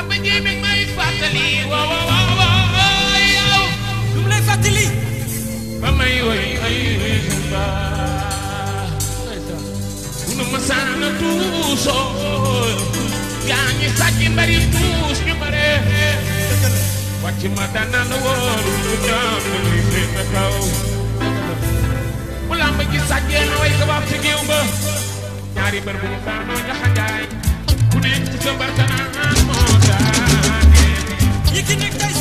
Samba Ndiaye mi ngi may fàttali waaw waaw waaw yow. lu mu lay fàttali. ba may woy ay Samba. bu nu ma sànn tuusoo. yaa ngi sàcc mbari tuus ñu bare. wàcc ma danan wóor lu ñoom lu ñuy seen kaw. bu lamb ji sàccee na way ko ba ci géew ba. ñaari mbër bu ñu daanoo jaxanjaay. nekk sa mbartanaan moo taane yi ki nekk tey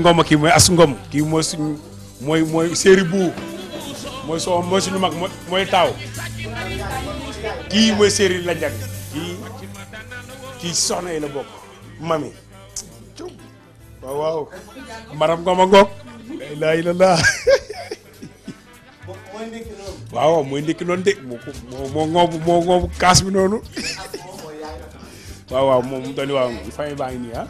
ngoma kii mooy as ngom kii mooy suñu mooy mooy séeri bu mooy soo mooy suñu mag mooy séeri la njag kii kii soxna yi la bokk mami waaw waaw waaw mooy ndékki de moo moo kaas bi waaw waaw moom doon waaw fay baa ngi nii ah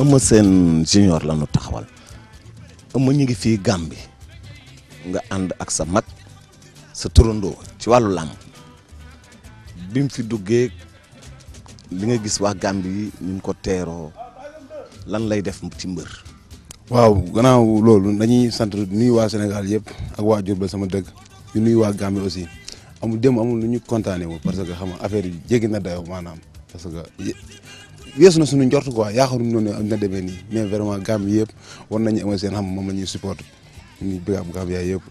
Eumeu seen junior la ñu taxawal Eumeu ñu ngi fii Gàmbi nga ànd ak sa mag sa turandoo ci wàllu lam bi mu fi duggee li nga gis waa Gàmbi yi ñu ko teeroo lan lay def ci mbër waaw gannaaw loolu dañuy sant nuy waa Sénégal yëpp ak waa jur Diourbel sama dëgg ñu nuyu waa Gàmbi aussi amul dem amul lu ñu kontaanee wu parce que xam nga yi jéggi na dayoo maanaam parce que weesu na suñu njort quoi yaakaaruñu noonu am na demee nii mais vraiment Gambie yëpp war nañu amal seen xam moom la ñuy support ñu bëgg am Gambie yëpp.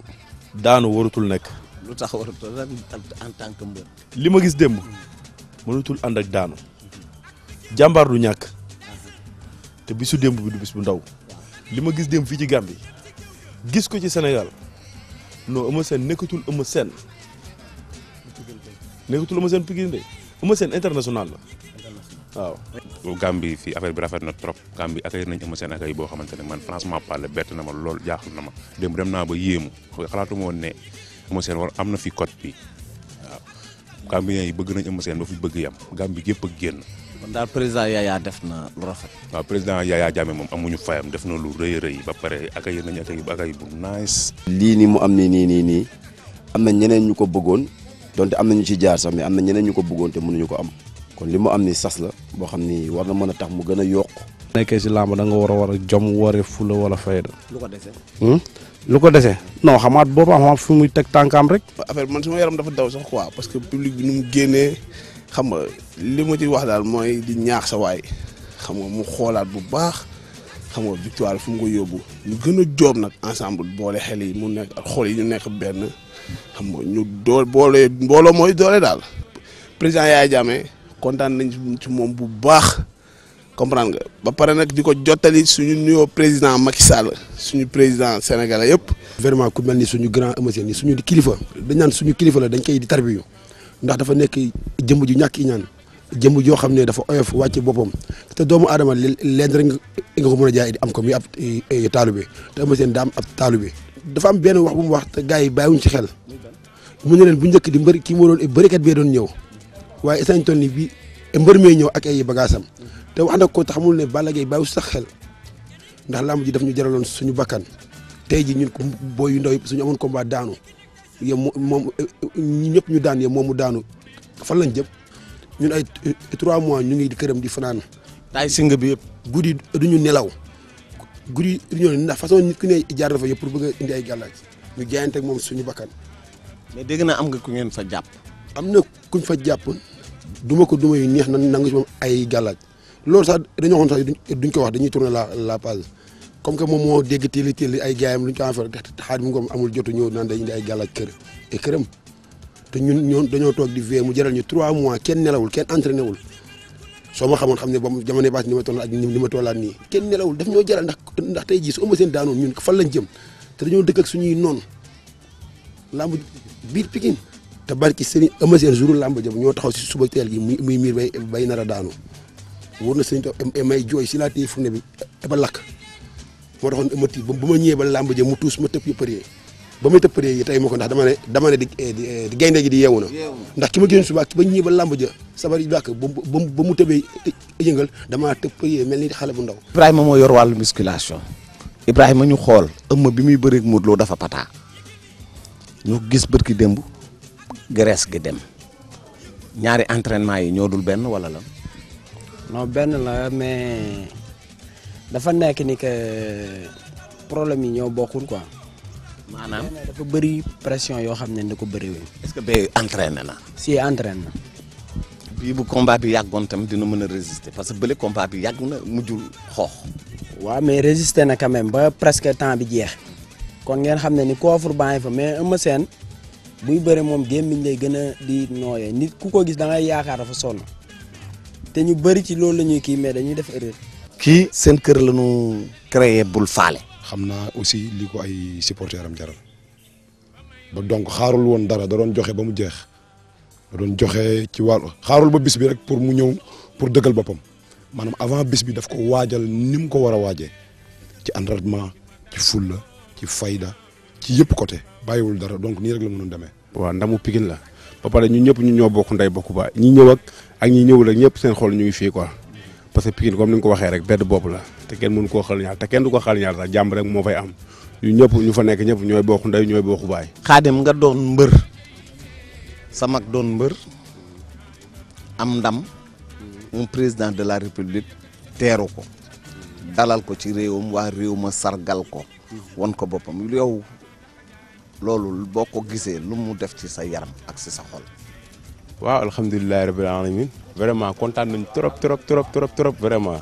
daanu warutul nekk. lu tax warutul en tant que mbër. li ma gis démb mënatul ànd ak daanu jàmbaar du ñàkk te bisu démb bi du bis bu ndaw li ma gis démb fii ci Gambie gis ko ci Sénégal non Eumeu Sène nekkatul Eumeu Sène nekkatul Eumeu Sène Pikine de Eumeu international la. waaw. Gambie fii affaire bi rafet na trop Gambie accueil nañ Eumeu Sène accueil boo xamante ne man franchement parler bett na ma lool jaaxal na ma démb dem naa ba yéemu xalaatuma woon ne Eumeu Sène war am na fi code bi waaw Gambien yi bëgg nañ Eumeu Sène ba fi bëgg yam Gambie gépp ak génn. kon daal président Yaya def na lu rafet. waaw président Yaya Jammeh moom amuñu fayam def na lu rëy rëy ba pare accueil nañ accueil bu accueil bu nice. lii nii mu am nii nii nii nii am na ñeneen ñu ko bëggoon donte am na ci jaar sax mais na ñeneen ñu ko bëggoon te mënuñu ko am. kon li mu am ni sas la boo xam ni war na mën a tax mu gën a yokk nekkee si làmb da war a war a jom ware fula wala fayda lu ko dese hmm? lu ko dese non xamaat boppam xamaat fu muy teg tànkaam rek affaire man sama yaram dafa daw sax quoi parce que public bi nu mu génnee xam nga li ma ci wax daal mooy di ñaax sa waay xam nga mu xoolaat bu baax xam nga victoire fu mu ko yóbbu ñu gën a joob nag ensemble boole xel yi mu nekk ak xol yi ñu nekk benn xam nga ñu dool boole mbooloo mooy doole daal président Yaya Jammeh kontaan nañ ci moom bu baax comprendre ba pare nag di ko jottali suñu nuyoo président Macky Sall suñu président sénégalais yëpp. vraiment ku mel ni suñu grand monsieur ni suñu kilifa dañ naan suñu kilifa dañ koy di tarbiyu ndax dafa nekk jëmm ju ñàkk i ñaan jëmm joo xam ne dafa oyof wàcc boppam te doomu aadama leen rek nga ko mën a jaay di am ko muy ab eh, eh, taalube te monsieur daa am ab taalube. dafa am benn wax bu mu wax te gars yi baayuñ ci xel mu ne leen bu njëkk di mbëri ki moo doon bërikat bee doon ñëw. waaye instant toll nii bi mbër mee ñëw ak ay bagaasam te wax na ko taxamul xamul ne Balla Gaye bàyyi sax xel ndax lamb ji daf ñu jaraloon suñu bakkan tey ji ñun booy yu ndaw yëpp suñu amoon combat daanu yow moom ñëpp ñu daan yow moom mu daanu fan lañ jëm ñun ay trois mois ñu ngi këram di fanaan. taay sëng bi yëpp guddi du ñu nelaw guddi du ñu ndax façon nit ku ne jaar dafa yëpp pour bëgg a indi ay gàllaaj ñu jaayante moom suñu bakkan. mais dégg naa am nga ku ngeen fa jàpp. am na kuñ fa jàpp duma ko duma yu neex na nangu ci moom ay gàllaaj loolu sax dañoo waxoon sax duñ ko wax dañuy tourner la la page comme que moom moo dégg téeli téeli ay gaayam lu ñu ko en fait xaar mu ngoom amul jotu ñëw naan dañuy indi ay gàllaaj kër et këram te ñoon dañoo toog di veillé mu jaral ñu trois mois kenn nelawul kenn entraîné wul soo ma xam ne ba jamono baas ni ma toll ak ni ma tollaat nii kenn nelawul daf ñoo jaral ndax tey jii su ëmb seen daanoon ñun fan lañ jëm te dañoo dëkk ak suñuy noonu làmb biir Pikine te barki sëriñ Eumeu Sène jour làmb jëm ñoo taxaw si suba teel gi muy muy miir bay bay nar a daanu wóor na sëriñ to may jooy si laa téye fourne bi ba lakk moo taxoon Eumeu tiit ba ma ñëwee ba làmb jëm mu tuus ma tëb yëpp rëy ba muy tëb rëy tey ma ko dama dama di eh, di eh, gi di yeewu na ndax ki ma génn suba ba ñëwee ba làmb jëm sabar yi ba mu tëbee yëngal damaa tëb rëy mel ni xale bu ndaw. Ibrahima moo yor wàllu musculation Ibrahima ñu xool ama bi muy bëreeg Modou Lo dafa pataa ñu gis bët ki démb Grèce gi dem ñaari entraînement yi ñoo dul benn wala la. non benn la mais dafa nekk ni que problème yi ñoo bokkul quoi. maanaam dafa bëri pression yoo xam ne ni ko bëriwul. est que bee entraîné na. si entraîné na. bii bu combat bi yàggoon tam dina mën a résister parce que bële bi yàgg na mujjul xoox. waaw mais résister na quand même ba presque temps bi jeex. kon ngeen xam ne ni coffre baa ngi fa mais Eumeu Sène buy bëre moom gémmiñ lay gën a di nooyee nit ku ko gis da yaakaar dafa sonn te ñu bëri ci loolu lañuy kii mais dañuy def erreur. kii seen kër la ñu créé bul faale. xam naa aussi lii ko ay supporteurs am jaral ba donc xaarul woon dara da doon joxe ba mu jeex da doon joxe ci wàllu xaarul ba bis bi rek pour mu ñëw pour dëggal boppam maanaam avant bis bi daf ko waajal ni mu ko war a waaje ci entraînement ci fulla ci fayda. ci yëpp côté bàyyiwul dara donc nii rek la nu demee. waaw ndamu Pikine la ba pare ñun ñëpp ñu ñoo bokk ndey bokku ba ñi ñëw ak ak ñi ñëwul ak ñëpp seen xol ñu ngi fii quoi parce que Pikine comme ni nga ko waxee rek benn bopp la te kenn mënu koo xal ñaar te kenn du ko xal sax jàmm rek moo fay am ñu ñëpp ñu fa nekk ñëpp ñooy bokk ndey ñooy bokk baay. xaadim nga doon mbër sa mag doon mbër am ndam un président de la république teeru ko dalal ko ci réewam waa réew ma sargal ko ko boppam yow loolu boo ko gisee lu mu def ci sa yaram ak ci sa xol. waaw alhamdulilah rabbil alamin vraiment kontaan nañ trop trop trop trop trop vraiment.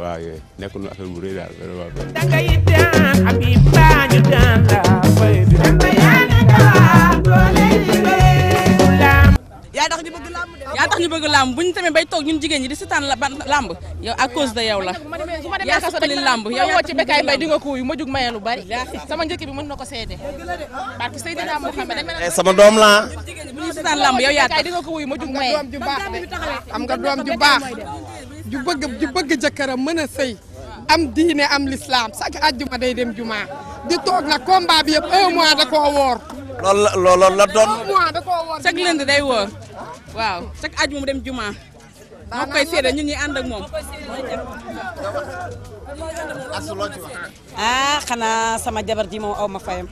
waaw yooyu nekk na affaire bu rëy daal vraiment. ñu bëgg làmb de. yaa tax ñu bëgg làmb bu ñu tamit bay toog ñun jigéen ñi di seetaan la làmb yow à cause de yow la yaa suqali làmb yow yaa ci bekkaay mbay di nga kuuy ma jug maye lu bari sama njëkk bi mën na ko seede barke Seydina Mouhamed eh, sama doom laa bu ñu seetaan làmb yow yaa tax di nga kuuy ma jug maye ju am nga doom ju baax ju bëgg ju bëgg jëkkëram mën a sëy am diine am l'islam chaque àjjuma day dem jumaa di toog nag combat bi yëpp un mois da koo woor loolu la loolu la doon. chaque lundi day woor waaw chaque aj moom dem juma. moo koy seede ñun ñi ànd ak moom. ah xanaa sama jabar ji moom aw ma fayam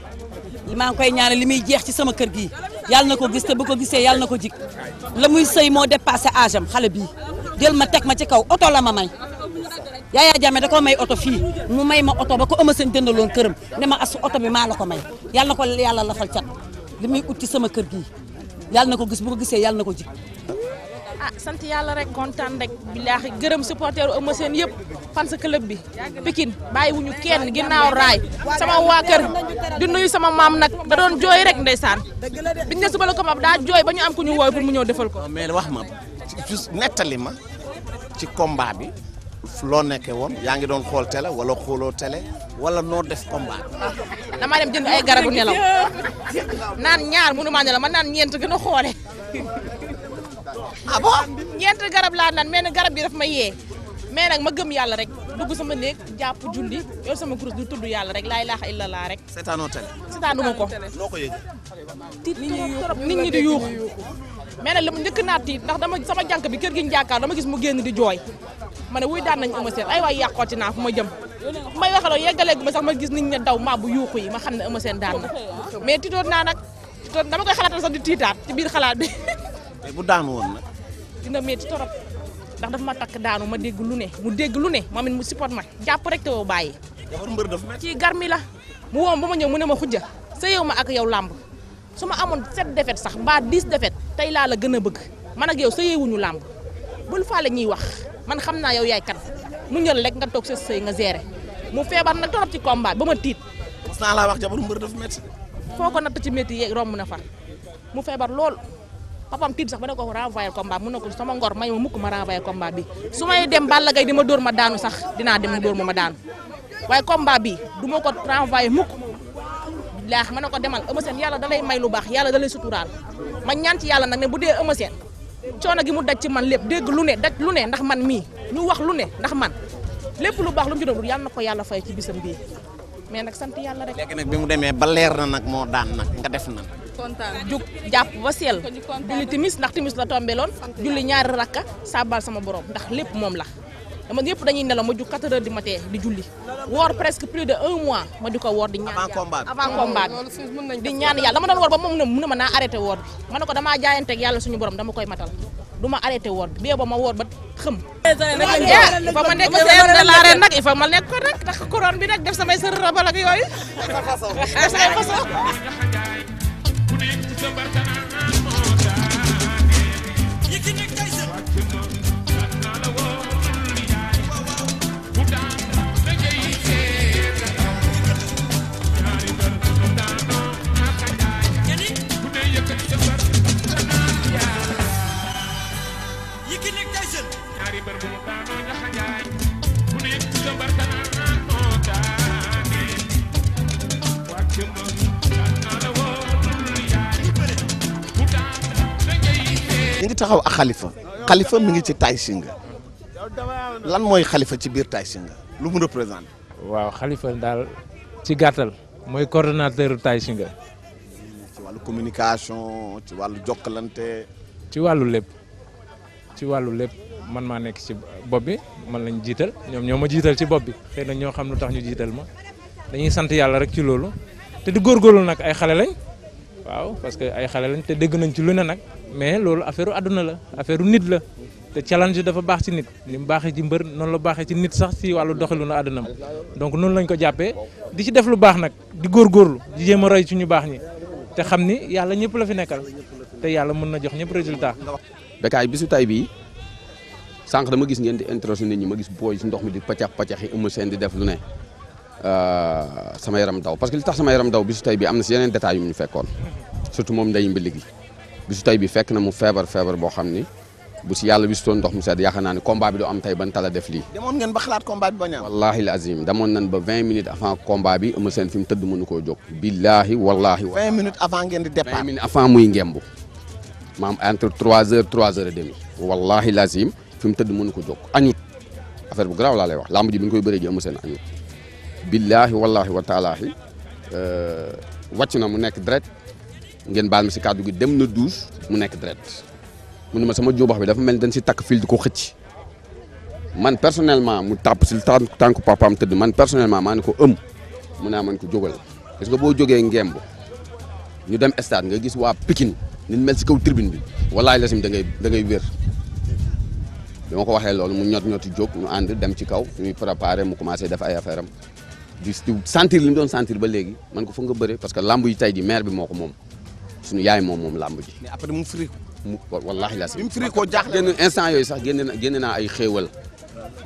maa ngi koy ñaanal li muy jeex ci sama kër gii yàlla na ko gis te bu ko gisee yàlla na ko jig la muy sëy moo dépassé âge xale bi del ma teg ma ci kaw oto la ma may. Yaya Jammeh da koo may oto fii mu may ma oto ba ko ëma jëndaloon dëndaloon këram ne ma as oto bi maa la ko may yàlla na ko yàlla lafal cat li muy ut ci sama kër gii yàlla na ko gis bu ko gisee yàlla na ko ji ah sant yàlla rek kontaan rek bilaahi gërëm supporter u Eumeu Sène yëpp fans club bi Pikine bàyyiwuñu kenn ginnaaw raay sama waa kër di nuyu sama maam nag da doon jooy rek ndeysaan biñ ne suba la ko mab daa jooy ba ñu am ku ñu wooy pour mu ñëw defal ko mais wax ma juste nettali ma ci combat bi loo nekkee woon yaa ngi doon xool télé wala xooloo télé wala noo def ko combat. damaa dem jënd ay garabu nelaw naan ñaar mënumaa nelaw ma naan ñeent gën a xoole ah bon ñeent garab laa naan mais nag garab gi daf ma yee mais nag ma gëm yàlla rek dugg sama néeg jàpp julli yor sama kurus du tudd yàlla rek laa ilaaha illallah rek. seetaanoo télé. seetaanuma ko. noo ñi di yuuxu mais nag li mu njëkk naa tiit ndax dama sama jànk bi kër gi ñu jàkkaar dama gis mu génn di jooy ma ne wuy daan nañ Eumeu Sène ay waay yàqooti naa fu ma jëm may waxaloo yeggalee gu ma sax ma gis nit ñi daw maa bu yuuxu yi ma xam ne Eumeu Sène daan na mais tiitoon naa nag tiitoon dama koy xalaatal sax di tiitaat ci biir xalaat bi bu daan woon nag dina metti torop ndax dafa ma takk daanu ma dégg lu ne mu dégg lu ne moom it mu support ma jàpp rek te woo bàyyi ci garmi la mu woom ba ma ñëw mu ne ma xujja sa yow ma ak yow làmb su ma amoon set défaites sax mbaa dix défaites tey laa la gën a bëgg man ak yow sa yeewuñu làmb bul faale ñuy wax man xam naa yow yaay kan mu ñor rek nga toog sa sëy nga gérer mu feebar nag torop ci combat ba ma tiit. mos laa wax jabaru mbër dafa métti. foo ci métti yeeg romb na far mu feebar lool papam tiit sax ba ne ko renvoyé combat mu ne ko sama ngor may ma mukk ma renvoyé combat bi su may dem Balla Gaye di ma dóor ma daanu sax dinaa dem dóor ma ma daanu waaye combat bi du ko renvoyé mukk. laax ma ne ko demal Eumeu Sène yàlla da lay may lu baax yàlla dalay lay suturaal ma ñaan ci yàlla nag ne bu dee Eumeu Sène coono gi mu daj ci man lépp dégg lu ne daj lu ne ndax man mii ñu wax lu ne ndax man lépp lu baax lu mu ci doon yàlla na ko yàlla fay ci bisam bii mais nag sant yàlla rek. léegi nag bi mu demee ba leer na nag moo daan nag nga def na. kontaan jug jàpp ba seel julli timis ndax timis la tombeloon julli ñaari rakka saabal sama borom ndax lépp moom la. dama ñëpp dañuy nelaw ma jug 4 heures du matin di julli woor presque plus de un mois ma di ko woor di ñaan yàlla avant combat bi di ñaan yàlla dama doon woor ba moom na mën a naa arrêté woor ma ne ko damaa jaayanteeg yàlla suñu borom dama koy matal du ma arrêté woor bi bee ba ma woor ba xëm il ma nekk de l'arène nag il faut ma nekk ko nag ndax couronne bi nag def samay sër rabal ak yooyu xalifa mu ngi ci Tay lan mooy xalifa ci biir Tay lu mu représenté. waaw xalifa daal ci gàttal mooy coordonnateur Tay Shinga. ci wàllu communication ci wàllu jokkalante. ci wàllu lépp ci wàllu lépp man maa nekk ci bopp bi man lañ jiital ñoom ñoo ma jiital ci bopp bi xëy na ñoo xam lu tax ñu jiital ma dañuy sant yàlla rek ci loolu te di góorgóorlu nag ay xale lañ waaw parce ay xale lañ te dégg nañ ci lu ne nag. mais loolu affaire àdduna la affaire nit la te challenge dafa baax ci nit ni mu baaxee ci mbër noonu la baaxee ci nit sax si wàllu doxalinu àddunam donc noonu lañ ko jàppee di ci def lu baax nag di góorgóorlu di jéem a roy ci ñu baax ñi te xam ni yàlla ñëpp la fi nekkal te yàlla mën na jox ñëpp résultat. bi su tay bii sanq dama gis ngeen di interroger nit ñi ma gis booy si ndox mi di pàccax pàccax yi ëmm seen di def lu ne euh, sama yaram daw parce que li tax sama yaram daw bisu tay bii am na si yeneen détails yu ñu moom ndeyu mbili gi bisu tey bi fekk na mu feebar feebar boo xam ni bu si yàlla wisu toon ndox mu sedd yaakaar naa ne combat bi du am tey ban tala def lii. demoon ngeen ba xalaat combat bi bañ a am. wallaahi la azim demoon nañ ba vingt minutes avant combat bi Eumeu Sène fi mu tëdd mënu koo jóg. billaahi wallaahi. vingt minutes avant ngeen di départ vingt minutes avant muy ngemb. maam entre trois heures trois heures et demie. wallaahi la azim fi mu tëdd mënu ko jóg añut affaire bu garaaw laa lay wax lamb ji bi ñu koy bëree ji Eumeu Sène añut. billaahi wallaahi wa taalaahi euh, wàcc na mu nekk direct. ngeen baal ma si kàddu gi dem na douche mu nekk deret mu ma sama joobax bi dafa mel ni dañ si takk fil di ko xëcc man personnellement mu tàpp si tànku papaam tëdd man personnellement maa ne ko ëm mu naa man ko jógal parce que boo jógee ngemb ñu dem stade nga gis waa Pikine ni mel si kaw tribune bi walaay la sim da ngay da ngay wér bi ma ko waxee loolu mu ñot ñoti jóg ñu ànd dem ci kaw ñuy préparé mu commencé def ay affaire am di sentir li mu doon sentir ba léegi man ko foog nga bëre parce que lamb yi tey ji maire bi moo ko moom suñu yaay moom moom làmb ji. mais après mu firi mu wallaahi la. bi mu firi koo jaaxle génn instant yooyu sax génne na génne naa ay xéewal.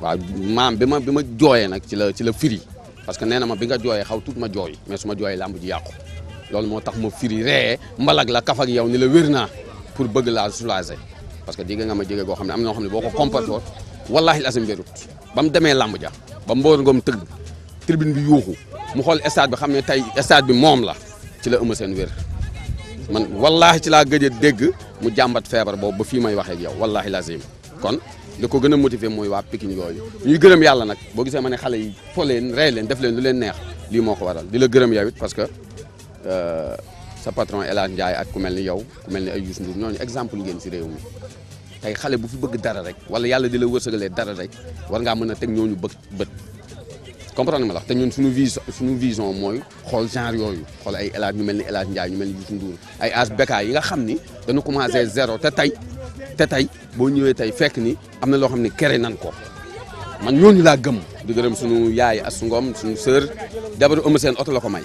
waaw maam bi ma bi ma jooyee nag ci la ci la firi parce que nee na ma bi nga jooyee xaw tuut ma jooy ma su ma jooyee làmb ji yàqu. loolu moo tax ma firi ree mbalag la kaf ak yow ni la wér naa pour bëgg laa soulager parce que jege nga ma jege goo xam ne am na ñoo xam ne boo ko comportoon wallaahi la asim wérut ba mu demee làmb ja ba mboor ngoom tëgg tribune bi yuuxu mu xool stade bi xam ne tey stade bi moom la ci la ëmb seen wér man wallaahi ci laa gëj dégg mu jàmbat feebar boobu ba fii may waxee ak yow wallaahi lazim kon li ko gën a motiver mooy waa Pikine yooyu ñuy gërëm yàlla nag boo gisee ma ne xale yi fo leen rey leen def leen lu leen neex lii moo ko waral di la gërëm yow it parce que euh, sa patron El Hadj ak ku mel ni yow ku mel ni ay Youssou Ndour ñooñu exemple ngeen si réew mi tey xale bu fi bëgg dara rek wala yàlla di la wërsëgalee dara rek war ngaa mën a teg ñooñu bëgg bët comprendre ma la te ñun suñu vision suñu vision mooy xool genre yooyu xool ay El Hadj ñu mel ni El Hadj Ndiaye ñu mel ni Youssou Ndour ay as beka yi nga xam ni dañu commencé zéro te tey te tey boo ñëwee tey fekk ni am na loo xam ne kere nan ko man ñooñu laa gëm di gërëm suñu yaay as sungoom suñu sœur jabaru ëmb seen oto la ko may.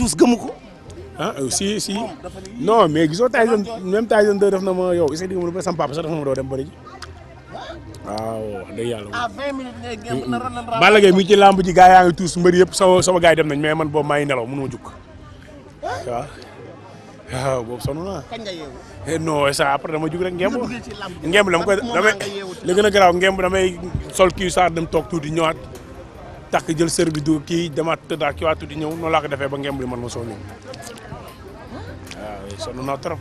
tous gëmu ko. ah euh, si non mais gisoo Tyson même Tyson 2 na ma yow est ma ba sama papa sax def na ma doo dem bëri ji waaw wax dëgg yàlla. ah ji gars yaa tuus mbëri yëpp sama dem nañ mais man boobu maa ngi nelaw mënu ma jukk waaw boobu sonn naa. kañ nga yeewu. Eh, non ça après dama rek ngemb. ngemb dama koy damay li gën a garaaw ngemb damay sol kii sax dem toog tuuti ñëwaat. takk jël sër bi du kii demaat tëddaa ki waatu di ñëw noonu laa ko defee ba ngemb li man ma soo ñëw waaw sonn naa trop.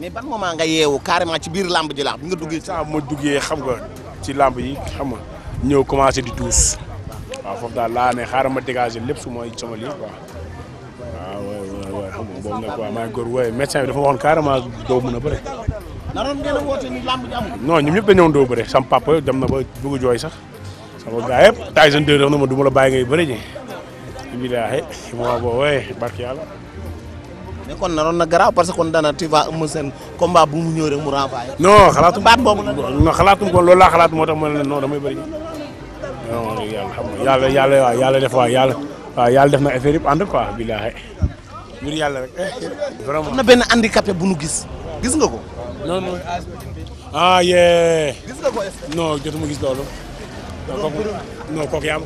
mais ban moment nga yeewu carrément ci biir làmb ji laa bi nga duggee. saa ma duggee xam nga ci làmb yi xam nga ñëw commencé di tuus waaw foofu daal ma dégager lépp su ma sama lii quoi waaw waaw waaw xam nga boobu nag quoi maa ngi góor waaye médecin bi dafa waxoon carrément doo mën a bëre. naroon ngeen a woote ni làmb ji amul. non ñoom dem na ba bëgg jooy sax. sa gars yëpp Tyson 2 def na ma du la bàyyi ngay bëri ji billaahi moo boo wooye barke yàlla mais kon naroon na garaaw parce que kon dana tu vas am seen combat bu mu ñëw rek mu renvoyé non xalaatum baat boobu la non kon loolu laa xalaat moo tax ma ne non damay bëri ji non yàlla xam nga yàlla yàlla def waaw yàlla def na affaire yëpp ànd quoi billaahi yàlla rek vraiment na benn handicapé bu nu gis gis nga ko non non ah gis loolu non kooku yaa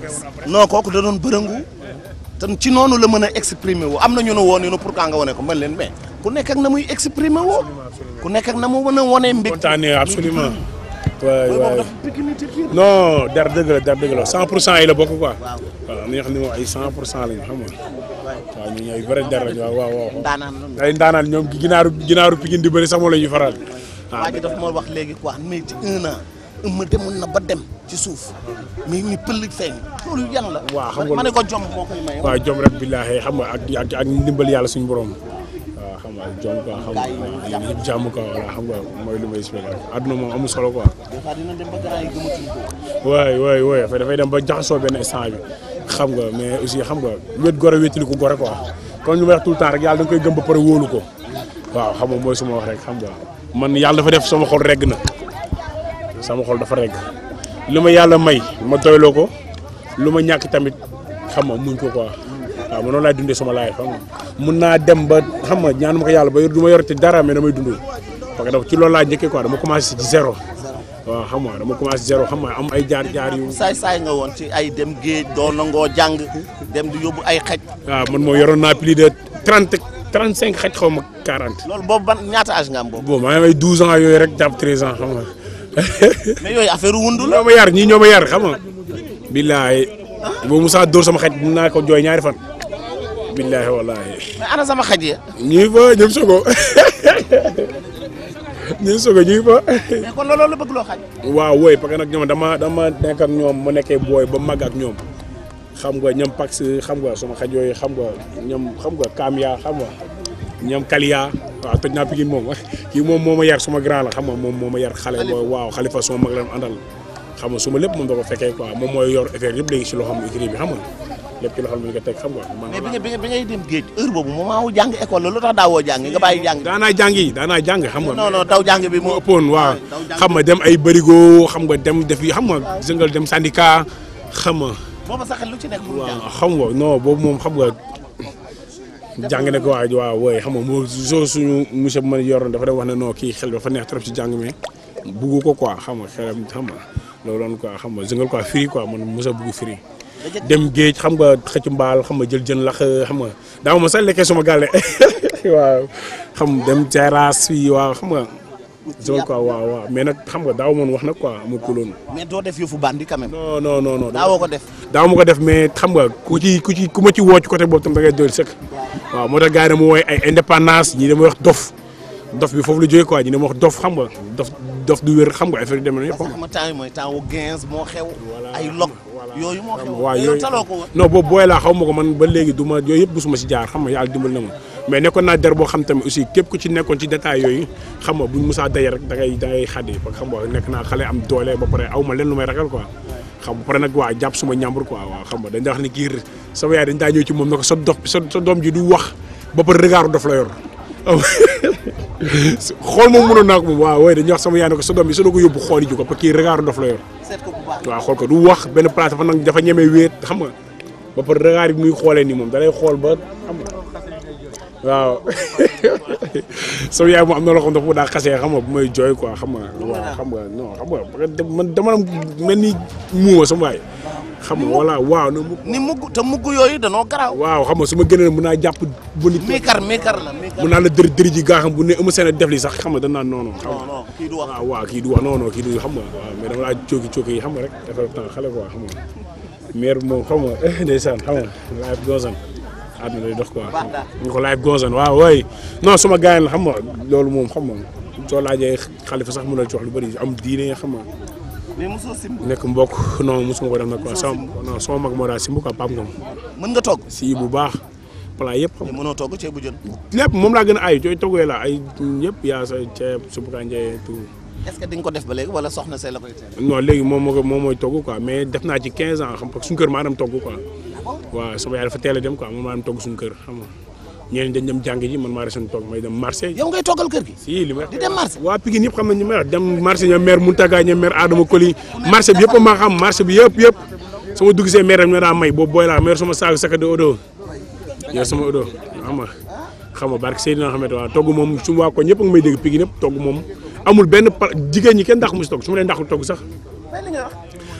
non kooku da doon bërëngu. te ci noonu la mën a exprimer woo am na ñu ne woo ne pour nga wane ko man leen mais ku nekk ak na muy exprimer woo. ku nekk ak na mu mën a wane mbég. kontaanee absolument. waay waay non der dëgg la der dëgg la 100 pour cent yi la bokk quoi. waaw am na ñoo xam ay 100 pour cent lañu xam nga. ñooy vrai der lañu waaw waaw. ay ndaanaan ñoom ginaaru ginaaru Pikine di bëri sax moo la ñuy faral. waaw waaye dafa wax léegi quoi mais ci un dem demoon na ba dem ci suuf mais ni pël feeñ la. waaw xam nga ma ne ko jom xam nga ak ak ak ndimbal yàlla suñu borom. waaw xam nga jom jàmm quoi voilà xam may expliqué àdduna moom amul solo quoi. des fois dina dem ba gars yi gëmatuñ ko. xam nga mais aussi xam nga wét gore wétali ko gore quoi comme li ma wax temps rek yàlla koy gëm ba pare woolu ko waaw xam nga mooy suma wax rek xam nga man yàlla dafa def sama xol regg na. sama xol dafa regg lu ma yàlla may ma doyloo ko lu ma ñàkk tamit xam nga muñ ko quoi waaw noonu laay dundee sama laay xam nga mun naa dem ba xam nga ñaan ma ko yàlla ba yor du ma yorati dara mais damay dund parce que ci loolu laa njëkkee quoi dama commencé ci zéro xam nga dama commencé zéro xam nga am ay jaar jaar yu. saay saay nga woon ci ay dem géej doon na ngoo jàng dem di yóbbu ay xaj. waaw man moo yoroon naa plus de trente trente cinq xaj xaw ma quarante. loolu boobu ban ñaata âge nga am boobu. bon maa douze ans yooyu rek jàpp treize ans xam nga. mais yooyu affaire wundu la. ñoo yar ñii ñoom ma yar xam nga. billaay boobu Moussa sama xaj mun naa ko jooy ñaari fan. billaay wallaahi. ana sama xaj ya. ñu ngi fa ñoom Sogo ñoom la bëgg loo xaj. waaw wooy parce que nag ñoom dama dama nekk ak ñoom mu nekkee booy ba mag ak ñoom xam nga ñoom Pax xam nga sama xaj yooyu xam nga ñoom xam nga Kamia xam nga. ñoom Kaliya waaw toj naa Pikine moom kii moom moo ma yar suma grand la xam nga moom moo ma yar xale booy waaw xalifa suma mag la àndal xam nga suma lépp moom da ko fekkee quoi moom mooy yor affaire yëpp léegi si loo xam écrit bi xam nga lépp ci loo bi moom maa jàng école la lu tax daawoo jàng nga daanaa jàng yi daanaa jàng xam nga non non taw jàng bi moo ëppoon waaw xam nga dem ay bërigo xam nga dem def yi xam nga jëngal dem syndicat xam nga boobu sax lu ci nekk waaw xam nga non boobu moom xam nga jàng ne ko waa waaw wooy xam nga moo soo suñu monsieur bu ma yoroon dafa dem wax ne non kii xel fa neex trop ci jàng mais buggu ko quoi xam nga xelam xam nga looloon quoi xam nga zëngal quoi firi quoi man mos a bugg firi dem géej xam nga xëcc mbaal xam nga jël jën lax xam nga daaw ma sax lekkee suma gàlle waaw xam dem terrasse fii waaw xam nga zone quoi waaw waaw mais nag xam nga daaw moon wax nag quoi mu kuloon mais doo def fu bandi quand même non non non non daawoo ko def daaw ma ko def mais xam nga ku ci ku ci ku ma ci woo ci côté boobu tam da ngay dool sëkk waaw moo tax wooy ay indépendance ñi dama wax dof dof bi foofu la jógee quoi ñu wax dof xam nga dof dof du wér xam nga affaire yi demee nañu. parce que xam mooy temps wu 15 xew. ay log yooyu moo xew. yooyu taloo ko woon. non xaw ma ko man ba léegi du ma yooyu yëpp suma si jaar xam nga yàlla dimbal na ma. mais nekkoon naa der boo xam tamit aussi képp ku ci nekkoon ci détail yooyu xam nga buñ musaa daje rek da ngay da ngay xadi ba xam nga nekk naa xale am doole ba pare aw ma leen lu may ragal quoi xam ba pare nag waa jàpp suma ñàmbur quoi waaw ko sa dox sa sa doom la yor xool ko moom waaw waaye dañuy wax sama du wax benn place dafa nag dafa ñemee wéet xam nga ba pare regard bi muy xoolee nii moom dalay xool ba xam waaw sama yaay mu am na loo xam ne bu daa xasee xam nga bu may jooy quoi xam nga waaw xam nga non xam nga man dama mel ni sama waay xam nga voilà waaw na mugg ni mugg te mugg danoo garaaw waaw xam nga su ma génnee mun naa jàpp bu nit mekar mekar la mun naa la dër dër gaa bu ne ëma seen a def li sax xam nga danaa non non xam nga kii du wax waaw waaw kii du wax non non xam rek dafa temps àdduna day dox quoi ñu ko live Gozane waaw way non sama gars yi la xam nga loolu moom xam nga soo laajee xalifa sax mën na ci wax lu bëri am diine xam nga mais mosoo simb nekk mbokk non mosuma ko def nag quoi sama non sama mag moo daal simb quoi Pape Ngom nga togg si bu baax plat yëpp xam nga mënoo togg ceebu jën lépp moom a ay cooy la ay yëpp yaa sa ceeb supp kànja tout est-ce que di nga ko def ba léegi wala soxna see moo mooy togg quoi mais def naa ci 15 ans xam parce que suñu kër maa dem togg quoi waaw sama yaay dafa teel dem ko man maa dem togg suñu kër xam nga ñeneen dañ dem jàng ji man maa resoon toog may dem marché. yow ngay toggal kër gi. si li may di dem marché. waa Pikine ñëpp xam nañ ñu may wax dem marché ñoom maire Mountaga ñoom maire Adama Koli marché bi yëpp maa xam marché bi yëpp sama dugg see maire am na daa may boobu booy laa maire sama saaku saka de odo yor sama odo xam nga xam nga barke Seydina Mohamed waaw togg moom su waa ko ñëpp a ngi may togg moom amul benn jigéen ñi kenn ndax mu si togg su ma leen ndaxul togg sax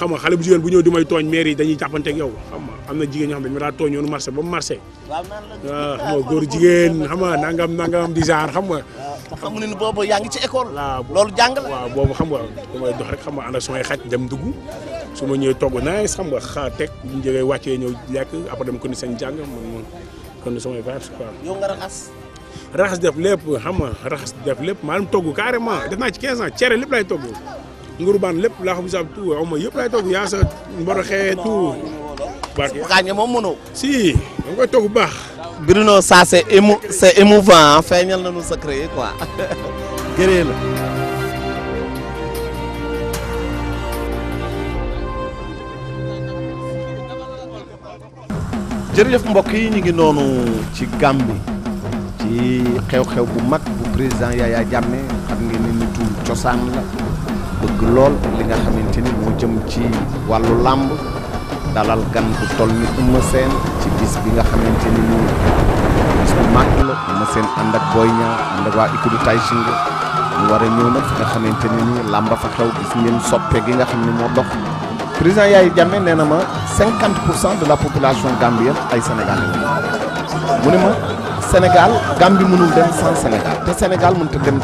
xam nga xale bu jigéen bu ñëw di may tooñ maire yi dañuy jàppante ak yow xam am na jigéen ñoo xam ne dañu daa tooñ yoonu marché ba mu marché waaw xam nga xam nga nangam nangam di genre xam nga xam nga ni boobu yaa ngi ci école waaw loolu jàng la waaw boobu xam nga dox rek xam nga ànd ak sumay xaj dem dugg su ma ñëwee togg naa xam nga xaa teg bu ñu jógee ñëw lekk après dem ko seen jàng man moom kon ni samay vibes quoi yow nga raxas raxas def lépp xam nga raxas def lépp maanaam togg carrément def naa ci 15 ans cere lépp lay togg Nguurbaan lépp laa xam saab tout aw ma yëpp laay togg yaa sa mboroxee tout. barke xaañe moom mënoo. si dama koy togg bu baax. Bruno ça c'est émou c'est émouvant feeñal nañu secret yi quoi gëree la. jërëjëf mbokk yi ñu ngi noonu ci Gàmbi ci xew-xew bu mag bu président Yaya Jammeh xam ngeen ni nitu cosaan bëgg lool li nga xamante ni mu jëm ci wàllu làmb dalal gan bu toll ni Eumeu Sène ci bis bi nga xamante ni nii bis bu màgg la Eumeu Sène ànd ak Boy Niang ànd ak waa écurie Tay mu war a ñëw fi nga xamante ni nii làmb fa xew gis ngeen soppe gi nga xam ne moo dox président Yaya Jammeh nee na ma cinquante pour cent de la population gambienne ay sénégalais la mu ne ma Sénégal Gambie mënul dem sans Sénégal te Sénégal mënut a dem